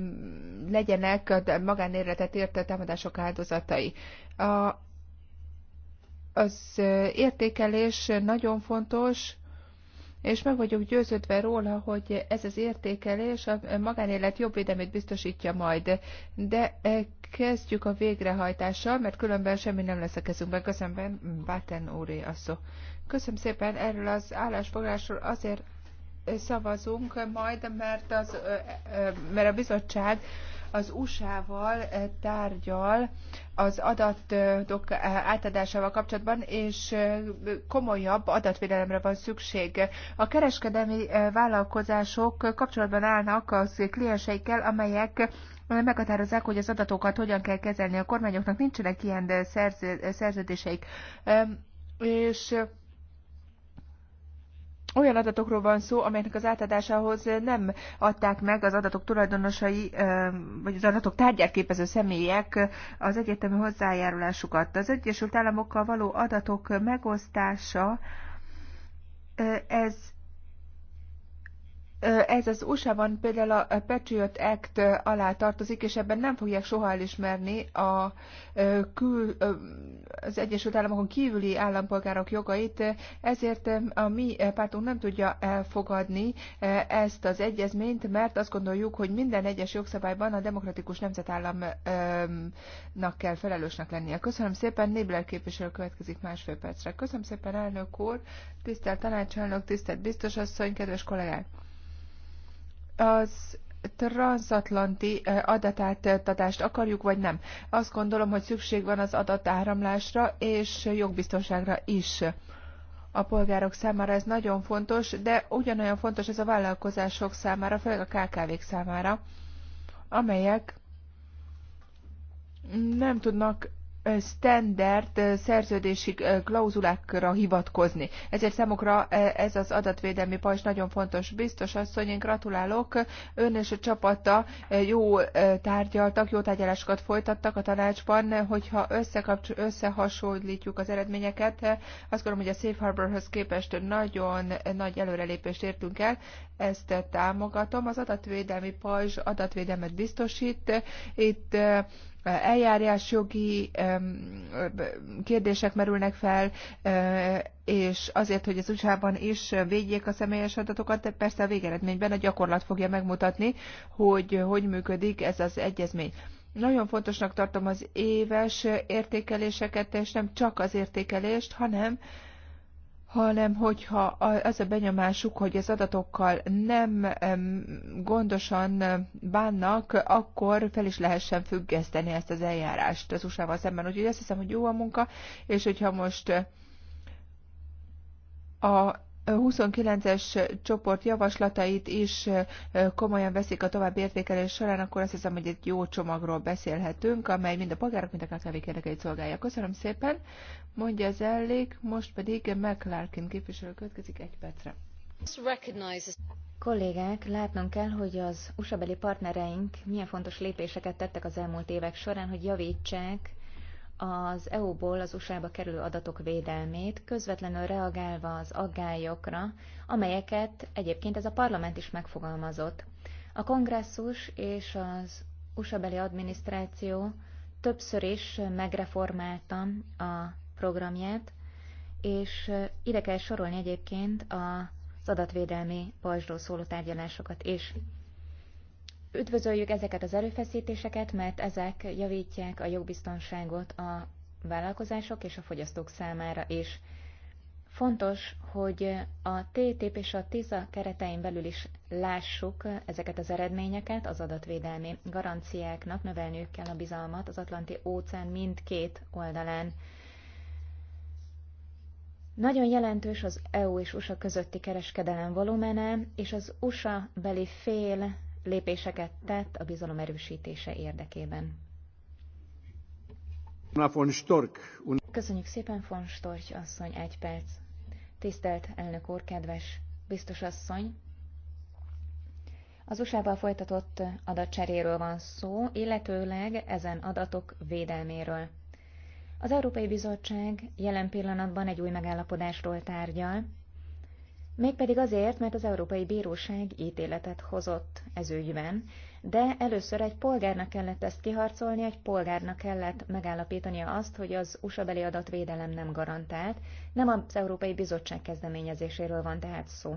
legyenek magánéletet érte támadások áldozatai. A, az értékelés nagyon fontos, és meg vagyok győződve róla, hogy ez az értékelés a magánélet jobb védelmét biztosítja majd. De kezdjük a végrehajtással, mert különben semmi nem lesz a kezünkben. Köszönöm, Báten úré a szó. Köszönöm szépen erről az állásfoglalásról. Azért szavazunk majd, mert, az, mert a bizottság az USA-val tárgyal az adatok átadásával kapcsolatban, és komolyabb adatvédelemre van szükség. A kereskedelmi vállalkozások kapcsolatban állnak az klienseikkel, amelyek meghatározzák, hogy az adatokat hogyan kell kezelni. A kormányoknak nincsenek ilyen szerződéseik. És olyan adatokról van szó, amelynek az átadásához nem adták meg az adatok tulajdonosai, vagy az adatok tárgyát képező személyek az egyetemi hozzájárulásukat. Az Egyesült Államokkal való adatok megosztása, ez ez az USA-ban például a Patriot Act alá tartozik, és ebben nem fogják soha elismerni a kül, az Egyesült Államokon kívüli állampolgárok jogait, ezért a mi pártunk nem tudja elfogadni ezt az egyezményt, mert azt gondoljuk, hogy minden egyes jogszabályban a demokratikus nemzetállamnak kell felelősnek lennie. Köszönöm szépen, Nébler képviselő következik másfél percre. Köszönöm szépen, elnök úr, tisztelt tanácselnök, tisztelt biztosasszony, kedves kollégák! az transatlanti adatátadást akarjuk, vagy nem. Azt gondolom, hogy szükség van az adatáramlásra és jogbiztonságra is. A polgárok számára ez nagyon fontos, de ugyanolyan fontos ez a vállalkozások számára, főleg a KKV-k számára, amelyek nem tudnak standard szerződési klauzulákra hivatkozni. Ezért számukra ez az adatvédelmi pajzs nagyon fontos. Biztos asszony, én gratulálok, ön és a csapata jó tárgyaltak, jó tárgyalásokat folytattak a tanácsban, hogyha összehasonlítjuk az eredményeket, azt gondolom, hogy a Safe Harborhoz képest nagyon nagy előrelépést értünk el, ezt támogatom. Az adatvédelmi pajzs adatvédelmet biztosít, itt eljárásjogi kérdések merülnek fel, és azért, hogy az USA-ban is védjék a személyes adatokat, de persze a végeredményben a gyakorlat fogja megmutatni, hogy hogy működik ez az egyezmény. Nagyon fontosnak tartom az éves értékeléseket, és nem csak az értékelést, hanem hanem hogyha az a benyomásuk, hogy az adatokkal nem gondosan bánnak, akkor fel is lehessen függeszteni ezt az eljárást az usa szemben. Úgyhogy azt hiszem, hogy jó a munka, és hogyha most a 29-es csoport javaslatait is komolyan veszik a további értékelés során, akkor azt hiszem, hogy egy jó csomagról beszélhetünk, amely mind a polgárok, mind a KKV érdekeit szolgálja. Köszönöm szépen, mondja az ellék, most pedig McLarkin képviselő következik egy percre. Kollégák, látnunk kell, hogy az USA-beli partnereink milyen fontos lépéseket tettek az elmúlt évek során, hogy javítsák az EU-ból az USA-ba kerülő adatok védelmét, közvetlenül reagálva az aggályokra, amelyeket egyébként ez a parlament is megfogalmazott. A kongresszus és az USA-beli adminisztráció többször is megreformálta a programját, és ide kell sorolni egyébként a az adatvédelmi pajzsról szóló tárgyalásokat is. Üdvözöljük ezeket az erőfeszítéseket, mert ezek javítják a jogbiztonságot a vállalkozások és a fogyasztók számára is. Fontos, hogy a TTIP és a TISA keretein belül is lássuk ezeket az eredményeket, az adatvédelmi garanciáknak növelniük kell a bizalmat az Atlanti óceán mindkét oldalán. Nagyon jelentős az EU és USA közötti kereskedelem volumene, és az USA beli fél lépéseket tett a bizalom erősítése érdekében. Köszönjük szépen, von Storch asszony, egy perc. Tisztelt elnök úr, kedves biztos asszony! Az usa ban folytatott adatcseréről van szó, illetőleg ezen adatok védelméről. Az Európai Bizottság jelen pillanatban egy új megállapodásról tárgyal, mégpedig azért, mert az Európai Bíróság ítéletet hozott ez ügyben, de először egy polgárnak kellett ezt kiharcolni, egy polgárnak kellett megállapítania azt, hogy az USA beli adatvédelem nem garantált, nem az Európai Bizottság kezdeményezéséről van tehát szó.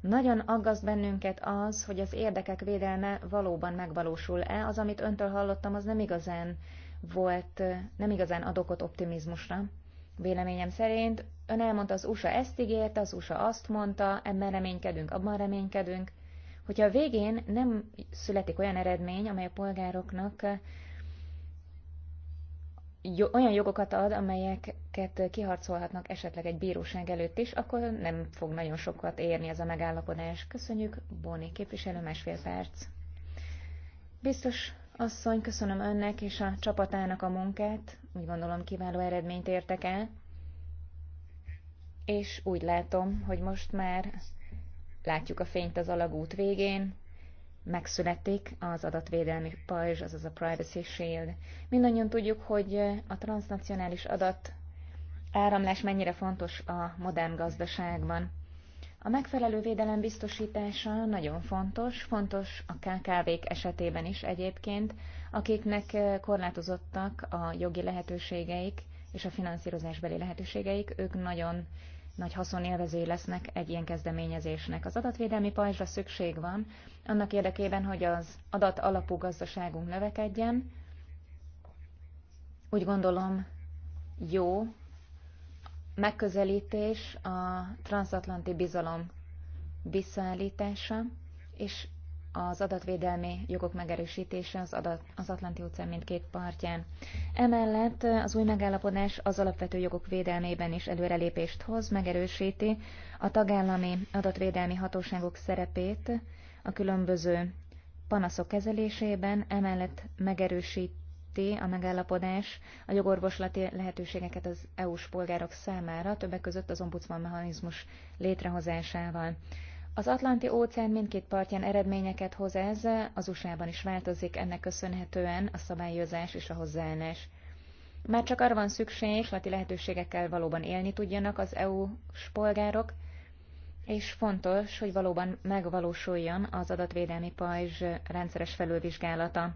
Nagyon aggaszt bennünket az, hogy az érdekek védelme valóban megvalósul-e, az, amit öntől hallottam, az nem igazán volt, nem igazán adokot optimizmusra. Véleményem szerint ön elmondta, az USA ezt ígérte, az USA azt mondta, ebben reménykedünk, abban reménykedünk. Hogyha a végén nem születik olyan eredmény, amely a polgároknak olyan jogokat ad, amelyeket kiharcolhatnak esetleg egy bíróság előtt is, akkor nem fog nagyon sokat érni ez a megállapodás. Köszönjük, Boni képviselő, másfél perc. Biztos Asszony, köszönöm önnek és a csapatának a munkát. Úgy gondolom, kiváló eredményt értek el. És úgy látom, hogy most már látjuk a fényt az alagút végén, megszületik az adatvédelmi pajzs, azaz a Privacy Shield. Mindannyian tudjuk, hogy a transnacionális adat áramlás mennyire fontos a modern gazdaságban. A megfelelő védelem biztosítása nagyon fontos, fontos a KKV-k esetében is egyébként, akiknek eh, korlátozottak a jogi lehetőségeik és a finanszírozásbeli lehetőségeik, ők nagyon nagy haszonélvezői lesznek egy ilyen kezdeményezésnek. Az adatvédelmi pajzsra szükség van, annak érdekében, hogy az adat alapú gazdaságunk növekedjen. Úgy gondolom, jó, megközelítés a transatlanti bizalom visszaállítása és az adatvédelmi jogok megerősítése az, adat, az Atlanti óceán mindkét partján. Emellett az új megállapodás az alapvető jogok védelmében is előrelépést hoz, megerősíti a tagállami adatvédelmi hatóságok szerepét a különböző panaszok kezelésében, emellett megerősít megnyitotté a megállapodás a jogorvoslati lehetőségeket az EU-s polgárok számára, többek között az ombudsman mechanizmus létrehozásával. Az Atlanti óceán mindkét partján eredményeket hoz ez, az USA-ban is változik ennek köszönhetően a szabályozás és a hozzáállás. Már csak arra van szükség, lati lehetőségekkel valóban élni tudjanak az EU-s polgárok, és fontos, hogy valóban megvalósuljon az adatvédelmi pajzs rendszeres felülvizsgálata.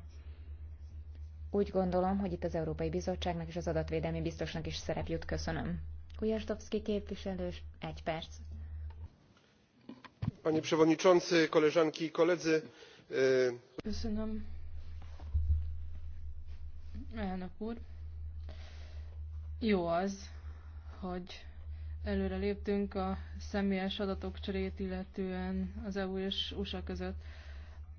Úgy gondolom, hogy itt az Európai Bizottságnak és az adatvédelmi biztosnak is szerep jut. Köszönöm. Ujasdowski képviselős, egy perc. Panie przewodniczący, koleżanki i koledzy. E, Köszönöm. Elnök úr. Jó az, hogy előre léptünk a személyes adatok cserét, illetően az EU és USA között.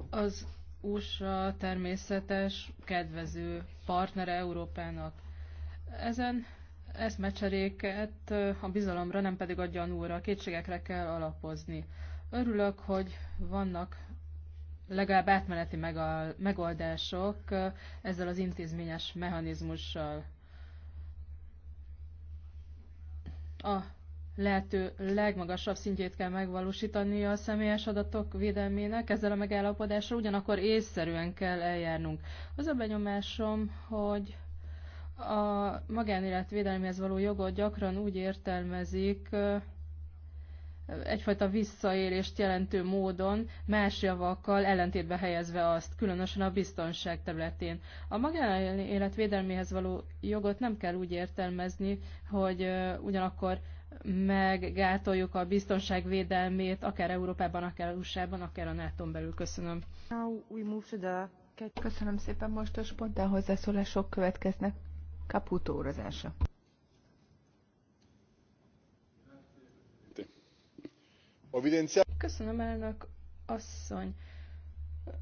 Az USA természetes, kedvező partnere Európának. Ezen mecseréket a bizalomra, nem pedig a gyanúra, a kétségekre kell alapozni. Örülök, hogy vannak legalább átmeneti megoldások ezzel az intézményes mechanizmussal. A lehető legmagasabb szintjét kell megvalósítani a személyes adatok védelmének ezzel a megállapodásra, ugyanakkor észszerűen kell eljárnunk. Az a benyomásom, hogy a magánélet védelméhez való jogot gyakran úgy értelmezik, egyfajta visszaélést jelentő módon más javakkal ellentétbe helyezve azt, különösen a biztonság területén. A magánélet védelméhez való jogot nem kell úgy értelmezni, hogy ugyanakkor meggátoljuk a biztonság védelmét, akár Európában, akár USA-ban, akár a nato belül. Köszönöm. Köszönöm szépen. Most a spontán hozzászólások következnek. Caputo urazása. Köszönöm, elnök asszony.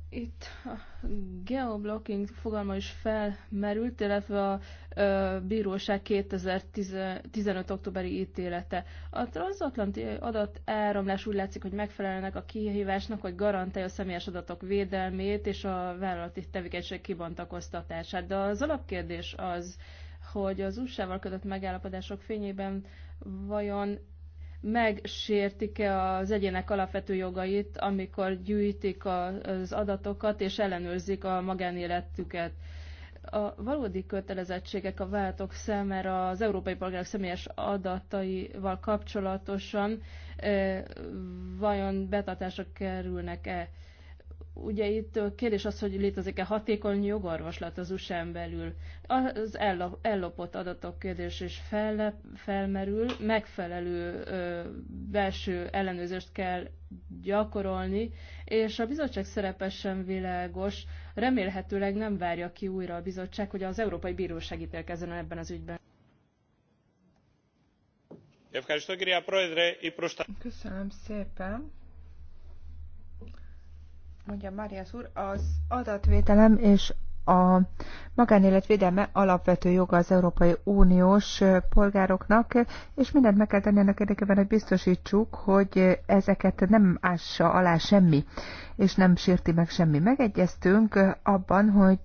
Itt a geoblocking fogalma is felmerült, illetve a ö, bíróság 2015. októberi ítélete. A transatlanti adat áramlás úgy látszik, hogy megfelelnek a kihívásnak, hogy garantálja a személyes adatok védelmét és a vállalati tevékenység kibontakoztatását. De az alapkérdés az, hogy az USA-val kötött megállapodások fényében vajon megsértik-e az egyének alapvető jogait, amikor gyűjtik az adatokat és ellenőrzik a magánéletüket. A valódi kötelezettségek a váltok számára az európai polgárok személyes adataival kapcsolatosan eh, vajon betartásra kerülnek-e? ugye itt kérdés az, hogy létezik-e hatékony jogorvoslat az usa belül. Az ellopott adatok kérdés is fel, felmerül, megfelelő ö, belső ellenőrzést kell gyakorolni, és a bizottság szerepe sem világos. Remélhetőleg nem várja ki újra a bizottság, hogy az Európai Bíróság ítélkezzen ebben az ügyben. Köszönöm szépen mondja Marias úr, az adatvételem és a magánélet védelme alapvető joga az Európai Uniós polgároknak, és mindent meg kell tenni ennek érdekében, hogy biztosítsuk, hogy ezeket nem ássa alá semmi, és nem sérti meg semmi. Megegyeztünk abban, hogy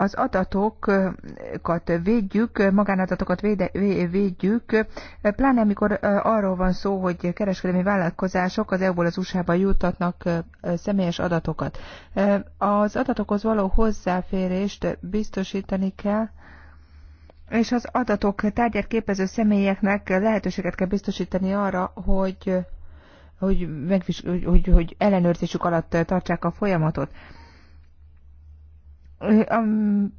az adatokat védjük, magánadatokat véde, védjük, pláne amikor arról van szó, hogy kereskedelmi vállalkozások az EU-ból az USA-ba juttatnak személyes adatokat. Az adatokhoz való hozzáférést biztosítani kell, és az adatok tárgyát képező személyeknek lehetőséget kell biztosítani arra, hogy hogy, megvis, hogy, hogy ellenőrzésük alatt tartsák a folyamatot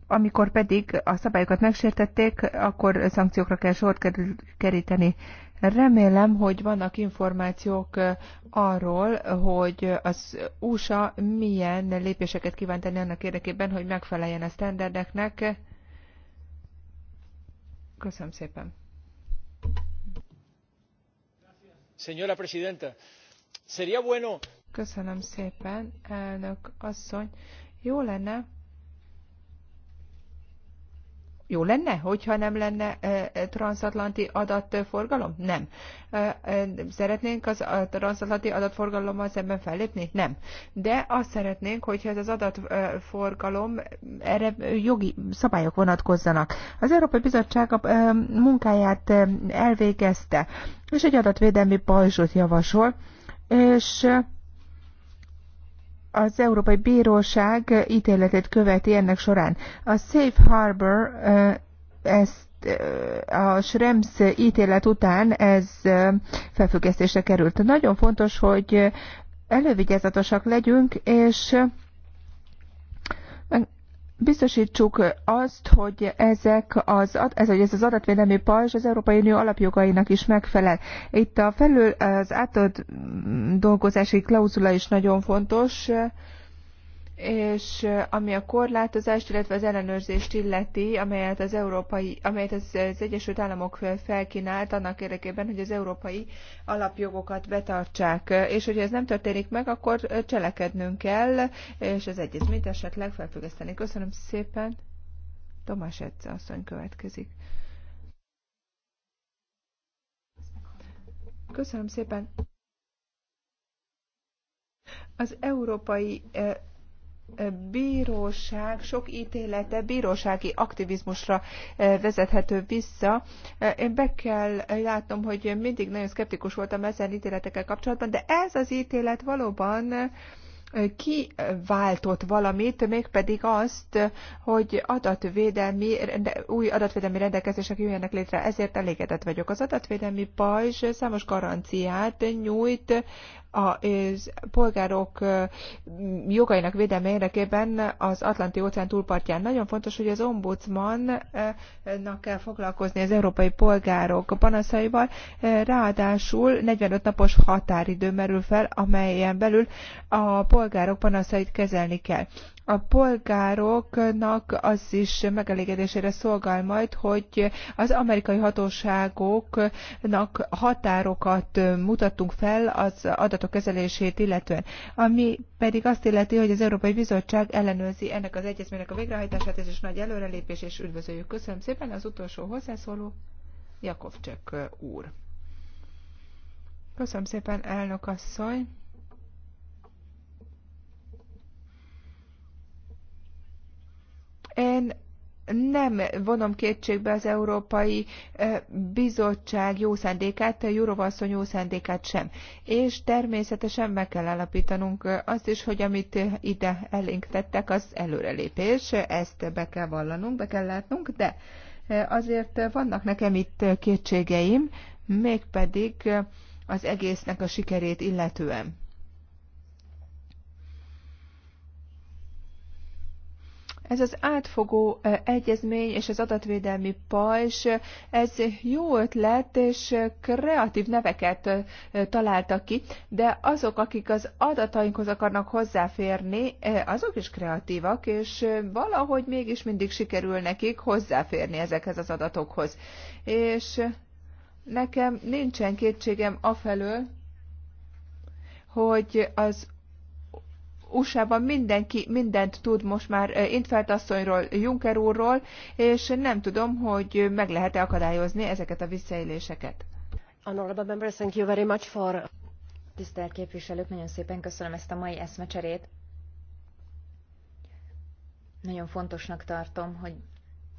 amikor pedig a szabályokat megsértették, akkor szankciókra kell sort keríteni. Remélem, hogy vannak információk arról, hogy az USA milyen lépéseket kíván tenni annak érdekében, hogy megfeleljen a sztenderdeknek. Köszönöm szépen. Señora Presidenta, sería bueno... Köszönöm szépen, elnök asszony. Jó lenne, jó lenne, hogyha nem lenne transatlanti adatforgalom? Nem. Szeretnénk az transatlanti adatforgalommal szemben fellépni? Nem. De azt szeretnénk, hogyha ez az adatforgalom, erre jogi szabályok vonatkozzanak. Az Európai Bizottság a munkáját elvégezte, és egy adatvédelmi pajzsot javasol, és az Európai Bíróság ítéletét követi ennek során. A Safe Harbor ezt a Schrems ítélet után ez felfüggesztésre került. Nagyon fontos, hogy elővigyázatosak legyünk, és biztosítsuk azt, hogy ezek az, ez, ez az adatvédelmi pajzs az Európai Unió alapjogainak is megfelel. Itt a felül az átdolgozási mm, klauzula is nagyon fontos és ami a korlátozást, illetve az ellenőrzést illeti, amelyet az, európai, amelyet az, az Egyesült Államok felkínált annak érdekében, hogy az európai alapjogokat betartsák. És hogyha ez nem történik meg, akkor cselekednünk kell, és az egyezményt esetleg felfüggeszteni. Köszönöm szépen. Tomás Edze asszony következik. Köszönöm szépen. Az európai bíróság, sok ítélete bírósági aktivizmusra eh, vezethető vissza. Eh, én be kell látnom, hogy mindig nagyon szkeptikus voltam ezen ítéletekkel kapcsolatban, de ez az ítélet valóban eh, kiváltott valamit, mégpedig azt, hogy adatvédelmi, új adatvédelmi rendelkezések jöjjenek létre, ezért elégedett vagyok. Az adatvédelmi pajzs számos garanciát nyújt a polgárok jogainak védelme érdekében az Atlanti óceán túlpartján. Nagyon fontos, hogy az ombudsmannak kell foglalkozni az európai polgárok panaszaival, ráadásul 45 napos határidő merül fel, amelyen belül a polgárok panaszait kezelni kell a polgároknak az is megelégedésére szolgál majd, hogy az amerikai hatóságoknak határokat mutattunk fel az adatok kezelését illetően, ami pedig azt illeti, hogy az Európai Bizottság ellenőrzi ennek az egyezménynek a végrehajtását, ez is nagy előrelépés, és üdvözöljük. Köszönöm szépen az utolsó hozzászóló, Jakovcsek úr. Köszönöm szépen, elnök asszony. Én nem vonom kétségbe az Európai Bizottság jó szándékát, a Jurovasszony jó szándékát sem. És természetesen meg kell állapítanunk azt is, hogy amit ide elénk tettek, az előrelépés, ezt be kell vallanunk, be kell látnunk, de azért vannak nekem itt kétségeim, mégpedig az egésznek a sikerét illetően. Ez az átfogó egyezmény és az adatvédelmi pajzs, ez jó ötlet, és kreatív neveket találtak ki, de azok, akik az adatainkhoz akarnak hozzáférni, azok is kreatívak, és valahogy mégis mindig sikerül nekik hozzáférni ezekhez az adatokhoz. És nekem nincsen kétségem afelől, hogy az USA-ban mindenki mindent tud most már eh, Intfelt asszonyról, Juncker úrról, és nem tudom, hogy meg lehet-e akadályozni ezeket a visszaéléseket. Honorable members, thank you very much for... Tisztelt képviselők, nagyon szépen köszönöm ezt a mai eszmecserét. Nagyon fontosnak tartom, hogy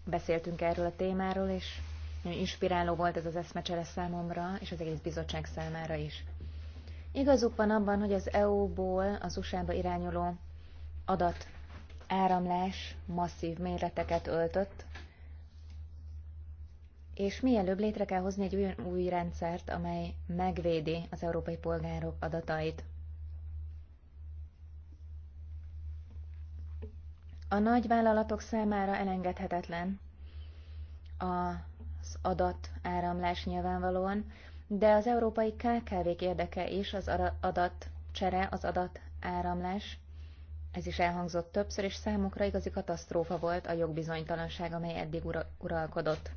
beszéltünk erről a témáról, és nagyon inspiráló volt ez az eszmecsere számomra, és az egész bizottság számára is. Igazuk van abban, hogy az EU-ból az USA-ba irányuló adat áramlás masszív méreteket öltött, és mielőbb létre kell hozni egy olyan új rendszert, amely megvédi az európai polgárok adatait. A nagy vállalatok számára elengedhetetlen az adat áramlás nyilvánvalóan, de az európai KKV-k érdeke is az csere, az adat áramlás. Ez is elhangzott többször, és számukra igazi katasztrófa volt a jogbizonytalanság, amely eddig ura- uralkodott.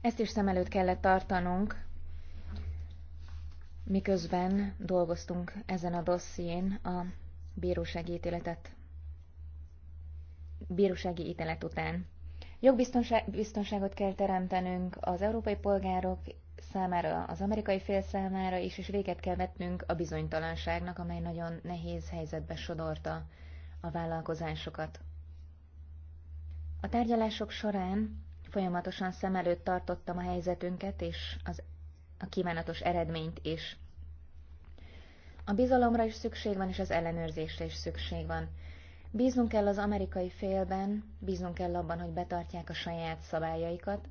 Ezt is szem előtt kellett tartanunk, miközben dolgoztunk ezen a dosszién a bírósági ítéletet, bírósági ítélet után. Jogbiztonságot kell teremtenünk az európai polgárok számára, az amerikai fél számára is, és véget kell vetnünk a bizonytalanságnak, amely nagyon nehéz helyzetbe sodorta a vállalkozásokat. A tárgyalások során folyamatosan szem előtt tartottam a helyzetünket és az, a kívánatos eredményt is. A bizalomra is szükség van, és az ellenőrzésre is szükség van. Bíznunk kell az amerikai félben, bíznunk kell abban, hogy betartják a saját szabályaikat,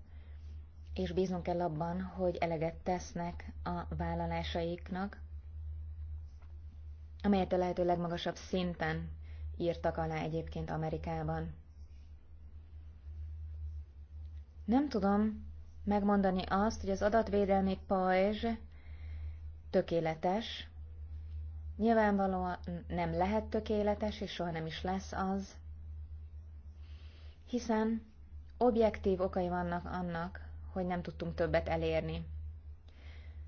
és bíznunk kell abban, hogy eleget tesznek a vállalásaiknak, amelyet a lehető legmagasabb szinten írtak alá egyébként Amerikában. Nem tudom megmondani azt, hogy az adatvédelmi pajzs tökéletes, Nyilvánvalóan nem lehet tökéletes, és soha nem is lesz az, hiszen objektív okai vannak annak, hogy nem tudtunk többet elérni.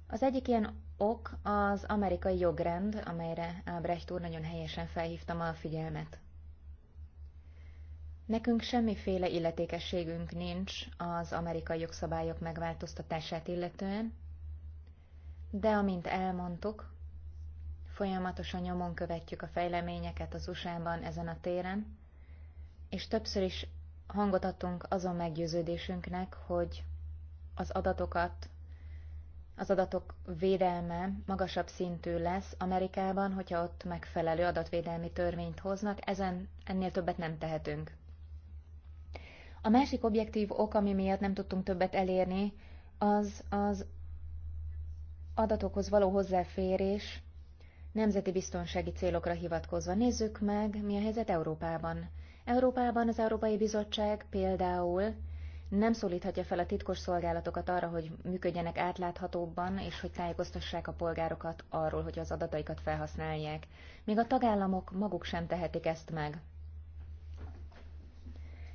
Az egyik ilyen ok az amerikai jogrend, amelyre Albrecht úr nagyon helyesen felhívta ma a figyelmet. Nekünk semmiféle illetékességünk nincs az amerikai jogszabályok megváltoztatását illetően, de amint elmondtuk, Folyamatosan nyomon követjük a fejleményeket az USA-ban ezen a téren, és többször is hangot adtunk azon meggyőződésünknek, hogy az adatokat, az adatok védelme magasabb szintű lesz Amerikában, hogyha ott megfelelő adatvédelmi törvényt hoznak, ezen ennél többet nem tehetünk. A másik objektív ok, ami miatt nem tudtunk többet elérni, az az adatokhoz való hozzáférés nemzeti biztonsági célokra hivatkozva nézzük meg, mi a helyzet Európában. Európában az Európai Bizottság például nem szólíthatja fel a titkos szolgálatokat arra, hogy működjenek átláthatóbban, és hogy tájékoztassák a polgárokat arról, hogy az adataikat felhasználják. Még a tagállamok maguk sem tehetik ezt meg.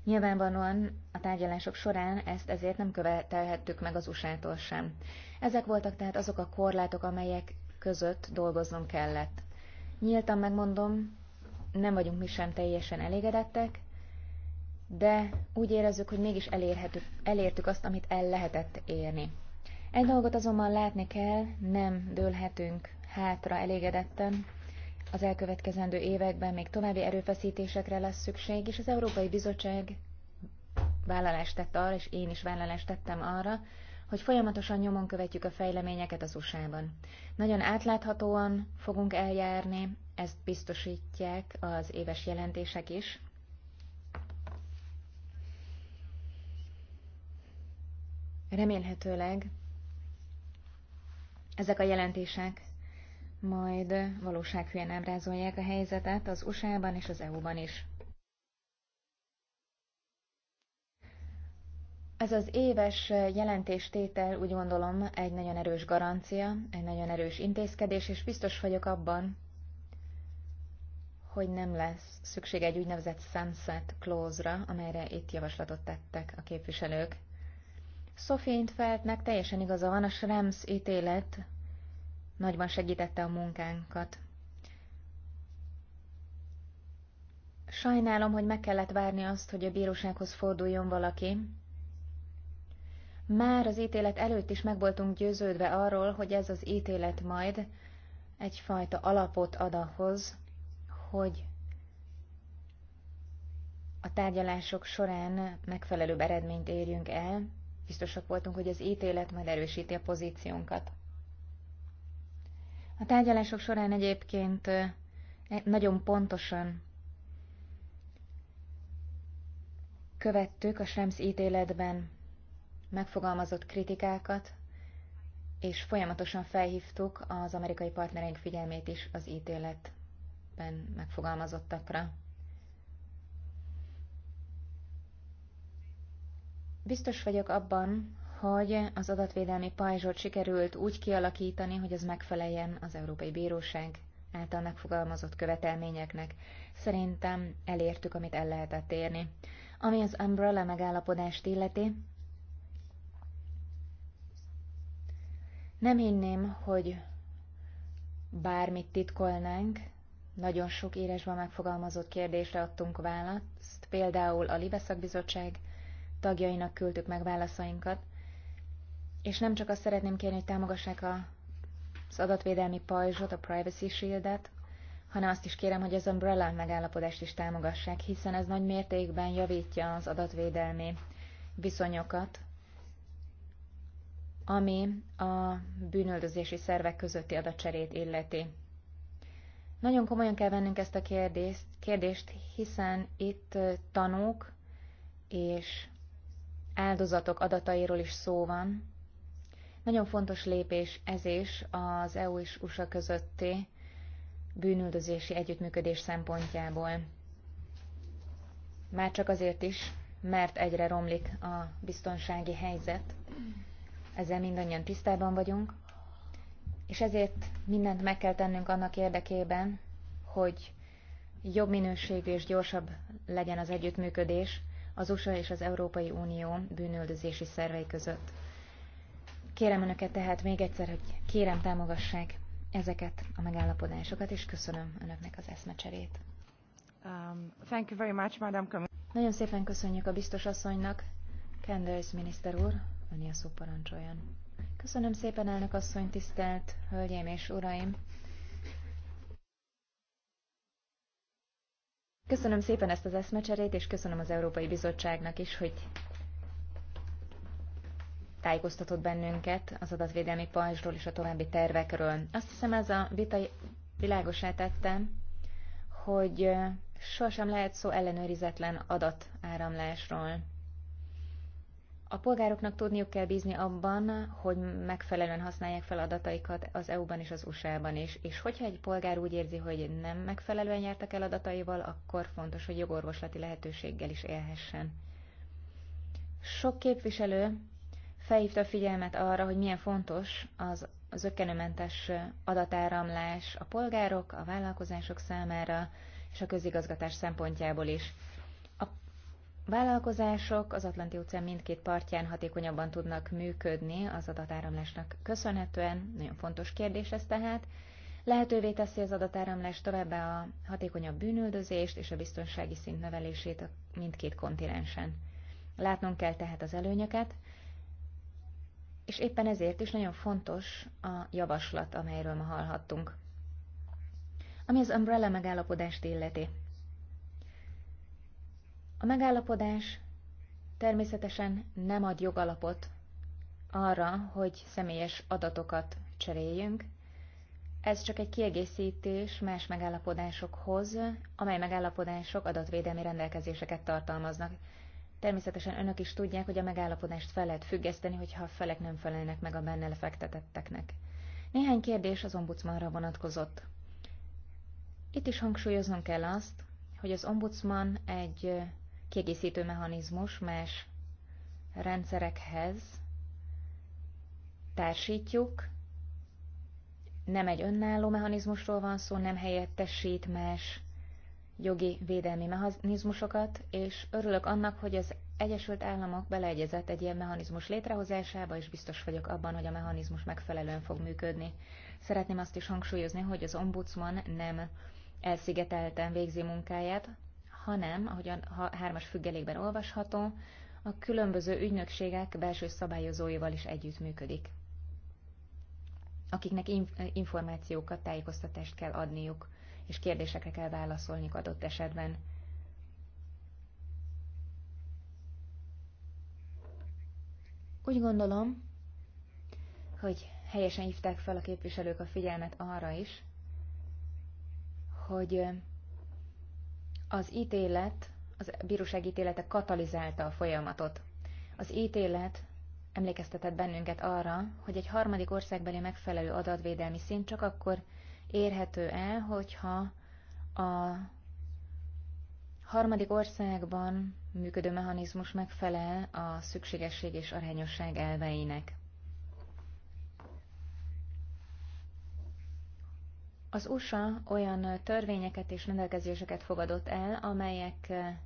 Nyilvánvalóan a tárgyalások során ezt ezért nem követelhettük meg az USA-tól sem. Ezek voltak tehát azok a korlátok, amelyek között dolgoznom kellett. Nyíltan megmondom, nem vagyunk mi sem teljesen elégedettek, de úgy érezzük, hogy mégis elérhetük, elértük azt, amit el lehetett érni. Egy dolgot azonban látni kell, nem dőlhetünk hátra elégedetten. Az elkövetkezendő években még további erőfeszítésekre lesz szükség, és az Európai Bizottság vállalást tett arra, és én is vállalást tettem arra, hogy folyamatosan nyomon követjük a fejleményeket az USA-ban. Nagyon átláthatóan fogunk eljárni, ezt biztosítják az éves jelentések is. Remélhetőleg ezek a jelentések majd valósághülyen ábrázolják a helyzetet az USA-ban és az EU-ban is. Ez az éves jelentéstétel úgy gondolom egy nagyon erős garancia, egy nagyon erős intézkedés, és biztos vagyok abban, hogy nem lesz szükség egy úgynevezett sunset clause-ra, amelyre itt javaslatot tettek a képviselők. Sophie Intfeltnek teljesen igaza van, a Schrems ítélet nagyban segítette a munkánkat. Sajnálom, hogy meg kellett várni azt, hogy a bírósághoz forduljon valaki, már az ítélet előtt is meg voltunk győződve arról, hogy ez az ítélet majd egyfajta alapot ad ahhoz, hogy a tárgyalások során megfelelőbb eredményt érjünk el. Biztosak voltunk, hogy az ítélet majd erősíti a pozíciónkat. A tárgyalások során egyébként e, nagyon pontosan követtük a Schrems ítéletben megfogalmazott kritikákat, és folyamatosan felhívtuk az amerikai partnereink figyelmét is az ítéletben megfogalmazottakra. Biztos vagyok abban, hogy az adatvédelmi pajzsot sikerült úgy kialakítani, hogy az megfeleljen az Európai Bíróság által megfogalmazott követelményeknek. Szerintem elértük, amit el lehetett érni. Ami az Umbrella megállapodást illeti, Nem hinném, hogy bármit titkolnánk, nagyon sok írásban megfogalmazott kérdésre adtunk választ, például a Libeszak Bizottság tagjainak küldtük meg válaszainkat, és nem csak azt szeretném kérni, hogy támogassák a, az adatvédelmi pajzsot, a Privacy Shield-et, hanem azt is kérem, hogy az Umbrella megállapodást is támogassák, hiszen ez nagy mértékben javítja az adatvédelmi viszonyokat ami a bűnöldözési szervek közötti adatcserét illeti. Nagyon komolyan kell vennünk ezt a kérdést, kérdést hiszen itt tanúk és áldozatok adatairól is szó van. Nagyon fontos lépés ez is az EU és USA közötti bűnüldözési együttműködés szempontjából. Már csak azért is, mert egyre romlik a biztonsági helyzet ezzel mindannyian tisztában vagyunk, és ezért mindent meg kell tennünk annak érdekében, hogy jobb minőségű és gyorsabb legyen az együttműködés az USA és az Európai Unió bűnöldözési szervei között. Kérem Önöket tehát még egyszer, hogy kérem támogassák ezeket a megállapodásokat, és köszönöm Önöknek az eszmecserét. Um, thank you very much, Madam Nagyon szépen köszönjük a biztos asszonynak, Kenders miniszter úr. Öni a szó parancsoljon. Köszönöm szépen, elnök asszony, tisztelt hölgyeim és uraim! Köszönöm szépen ezt az eszmecserét, és köszönöm az Európai Bizottságnak is, hogy tájékoztatott bennünket az adatvédelmi pajzsról és a további tervekről. Azt hiszem ez a vita világosá tette, hogy sosem lehet szó ellenőrizetlen adatáramlásról. A polgároknak tudniuk kell bízni abban, hogy megfelelően használják fel adataikat az EU-ban és az USA-ban is, és hogyha egy polgár úgy érzi, hogy nem megfelelően jártak el adataival, akkor fontos, hogy jogorvoslati lehetőséggel is élhessen. Sok képviselő felhívta a figyelmet arra, hogy milyen fontos az zöggenőmentes adatáramlás a polgárok, a vállalkozások számára és a közigazgatás szempontjából is vállalkozások az Atlanti-óceán mindkét partján hatékonyabban tudnak működni az adatáramlásnak köszönhetően. Nagyon fontos kérdés ez tehát. Lehetővé teszi az adatáramlás továbbá a hatékonyabb bűnöldözést és a biztonsági szint növelését a mindkét kontinensen. Látnunk kell tehát az előnyöket, és éppen ezért is nagyon fontos a javaslat, amelyről ma hallhattunk. Ami az Umbrella megállapodást illeti. A megállapodás természetesen nem ad jogalapot arra, hogy személyes adatokat cseréljünk. Ez csak egy kiegészítés más megállapodásokhoz, amely megállapodások adatvédelmi rendelkezéseket tartalmaznak. Természetesen önök is tudják, hogy a megállapodást fel lehet függeszteni, hogyha a felek nem felelnek meg a benne lefektetetteknek. Néhány kérdés az ombudsmanra vonatkozott. Itt is hangsúlyoznunk kell azt, hogy az ombudsman egy kiegészítő mechanizmus más rendszerekhez társítjuk. Nem egy önálló mechanizmusról van szó, nem helyettesít más jogi védelmi mechanizmusokat, és örülök annak, hogy az Egyesült Államok beleegyezett egy ilyen mechanizmus létrehozásába, és biztos vagyok abban, hogy a mechanizmus megfelelően fog működni. Szeretném azt is hangsúlyozni, hogy az ombudsman nem elszigetelten végzi munkáját, hanem, ahogy a hármas függelékben olvasható, a különböző ügynökségek belső szabályozóival is együttműködik, akiknek információkat, tájékoztatást kell adniuk, és kérdésekre kell válaszolniuk adott esetben. Úgy gondolom, hogy helyesen hívták fel a képviselők a figyelmet arra is, hogy az ítélet, az bíróság ítélete katalizálta a folyamatot. Az ítélet emlékeztetett bennünket arra, hogy egy harmadik országbeli megfelelő adatvédelmi szint csak akkor érhető el, hogyha a harmadik országban működő mechanizmus megfelel a szükségesség és arányosság elveinek. Az USA olyan törvényeket és rendelkezéseket fogadott el, amelyek eh,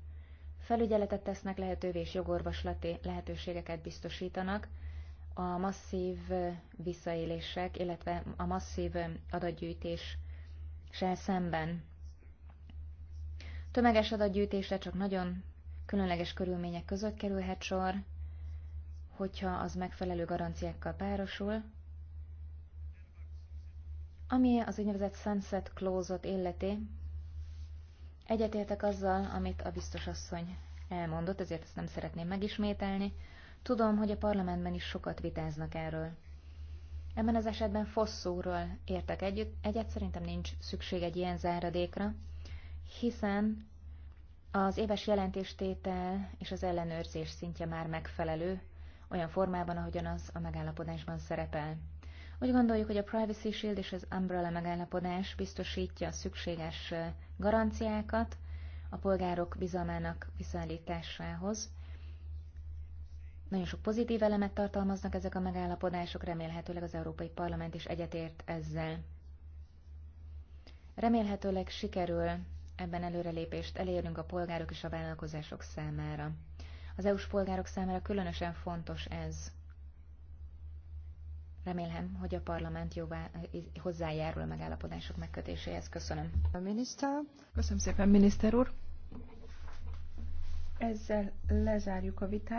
felügyeletet tesznek lehetővé és jogorvoslati lehetőségeket biztosítanak a masszív eh, visszaélések, illetve a masszív eh, adatgyűjtéssel szemben. Tömeges adatgyűjtésre csak nagyon különleges körülmények között kerülhet sor, hogyha az megfelelő garanciákkal párosul, ami az úgynevezett sunset close ot illeti, egyetértek azzal, amit a biztos asszony elmondott, ezért ezt nem szeretném megismételni. Tudom, hogy a parlamentben is sokat vitáznak erről. Ebben az esetben fosszúról értek együtt, egyet szerintem nincs szükség egy ilyen záradékra, hiszen az éves jelentéstétel és az ellenőrzés szintje már megfelelő, olyan formában, ahogyan az a megállapodásban szerepel. Úgy gondoljuk, hogy a Privacy Shield és az Umbrella megállapodás biztosítja a szükséges garanciákat a polgárok bizalmának visszaállításához. Nagyon sok pozitív elemet tartalmaznak ezek a megállapodások, remélhetőleg az Európai Parlament is egyetért ezzel. Remélhetőleg sikerül ebben előrelépést elérünk a polgárok és a vállalkozások számára. Az EU-s polgárok számára különösen fontos ez. Remélem, hogy a parlament jóvá, eh, hozzájárul a megállapodások megkötéséhez. Köszönöm. A miniszter. Köszönöm szépen, miniszter úr. Ezzel lezárjuk a vitát.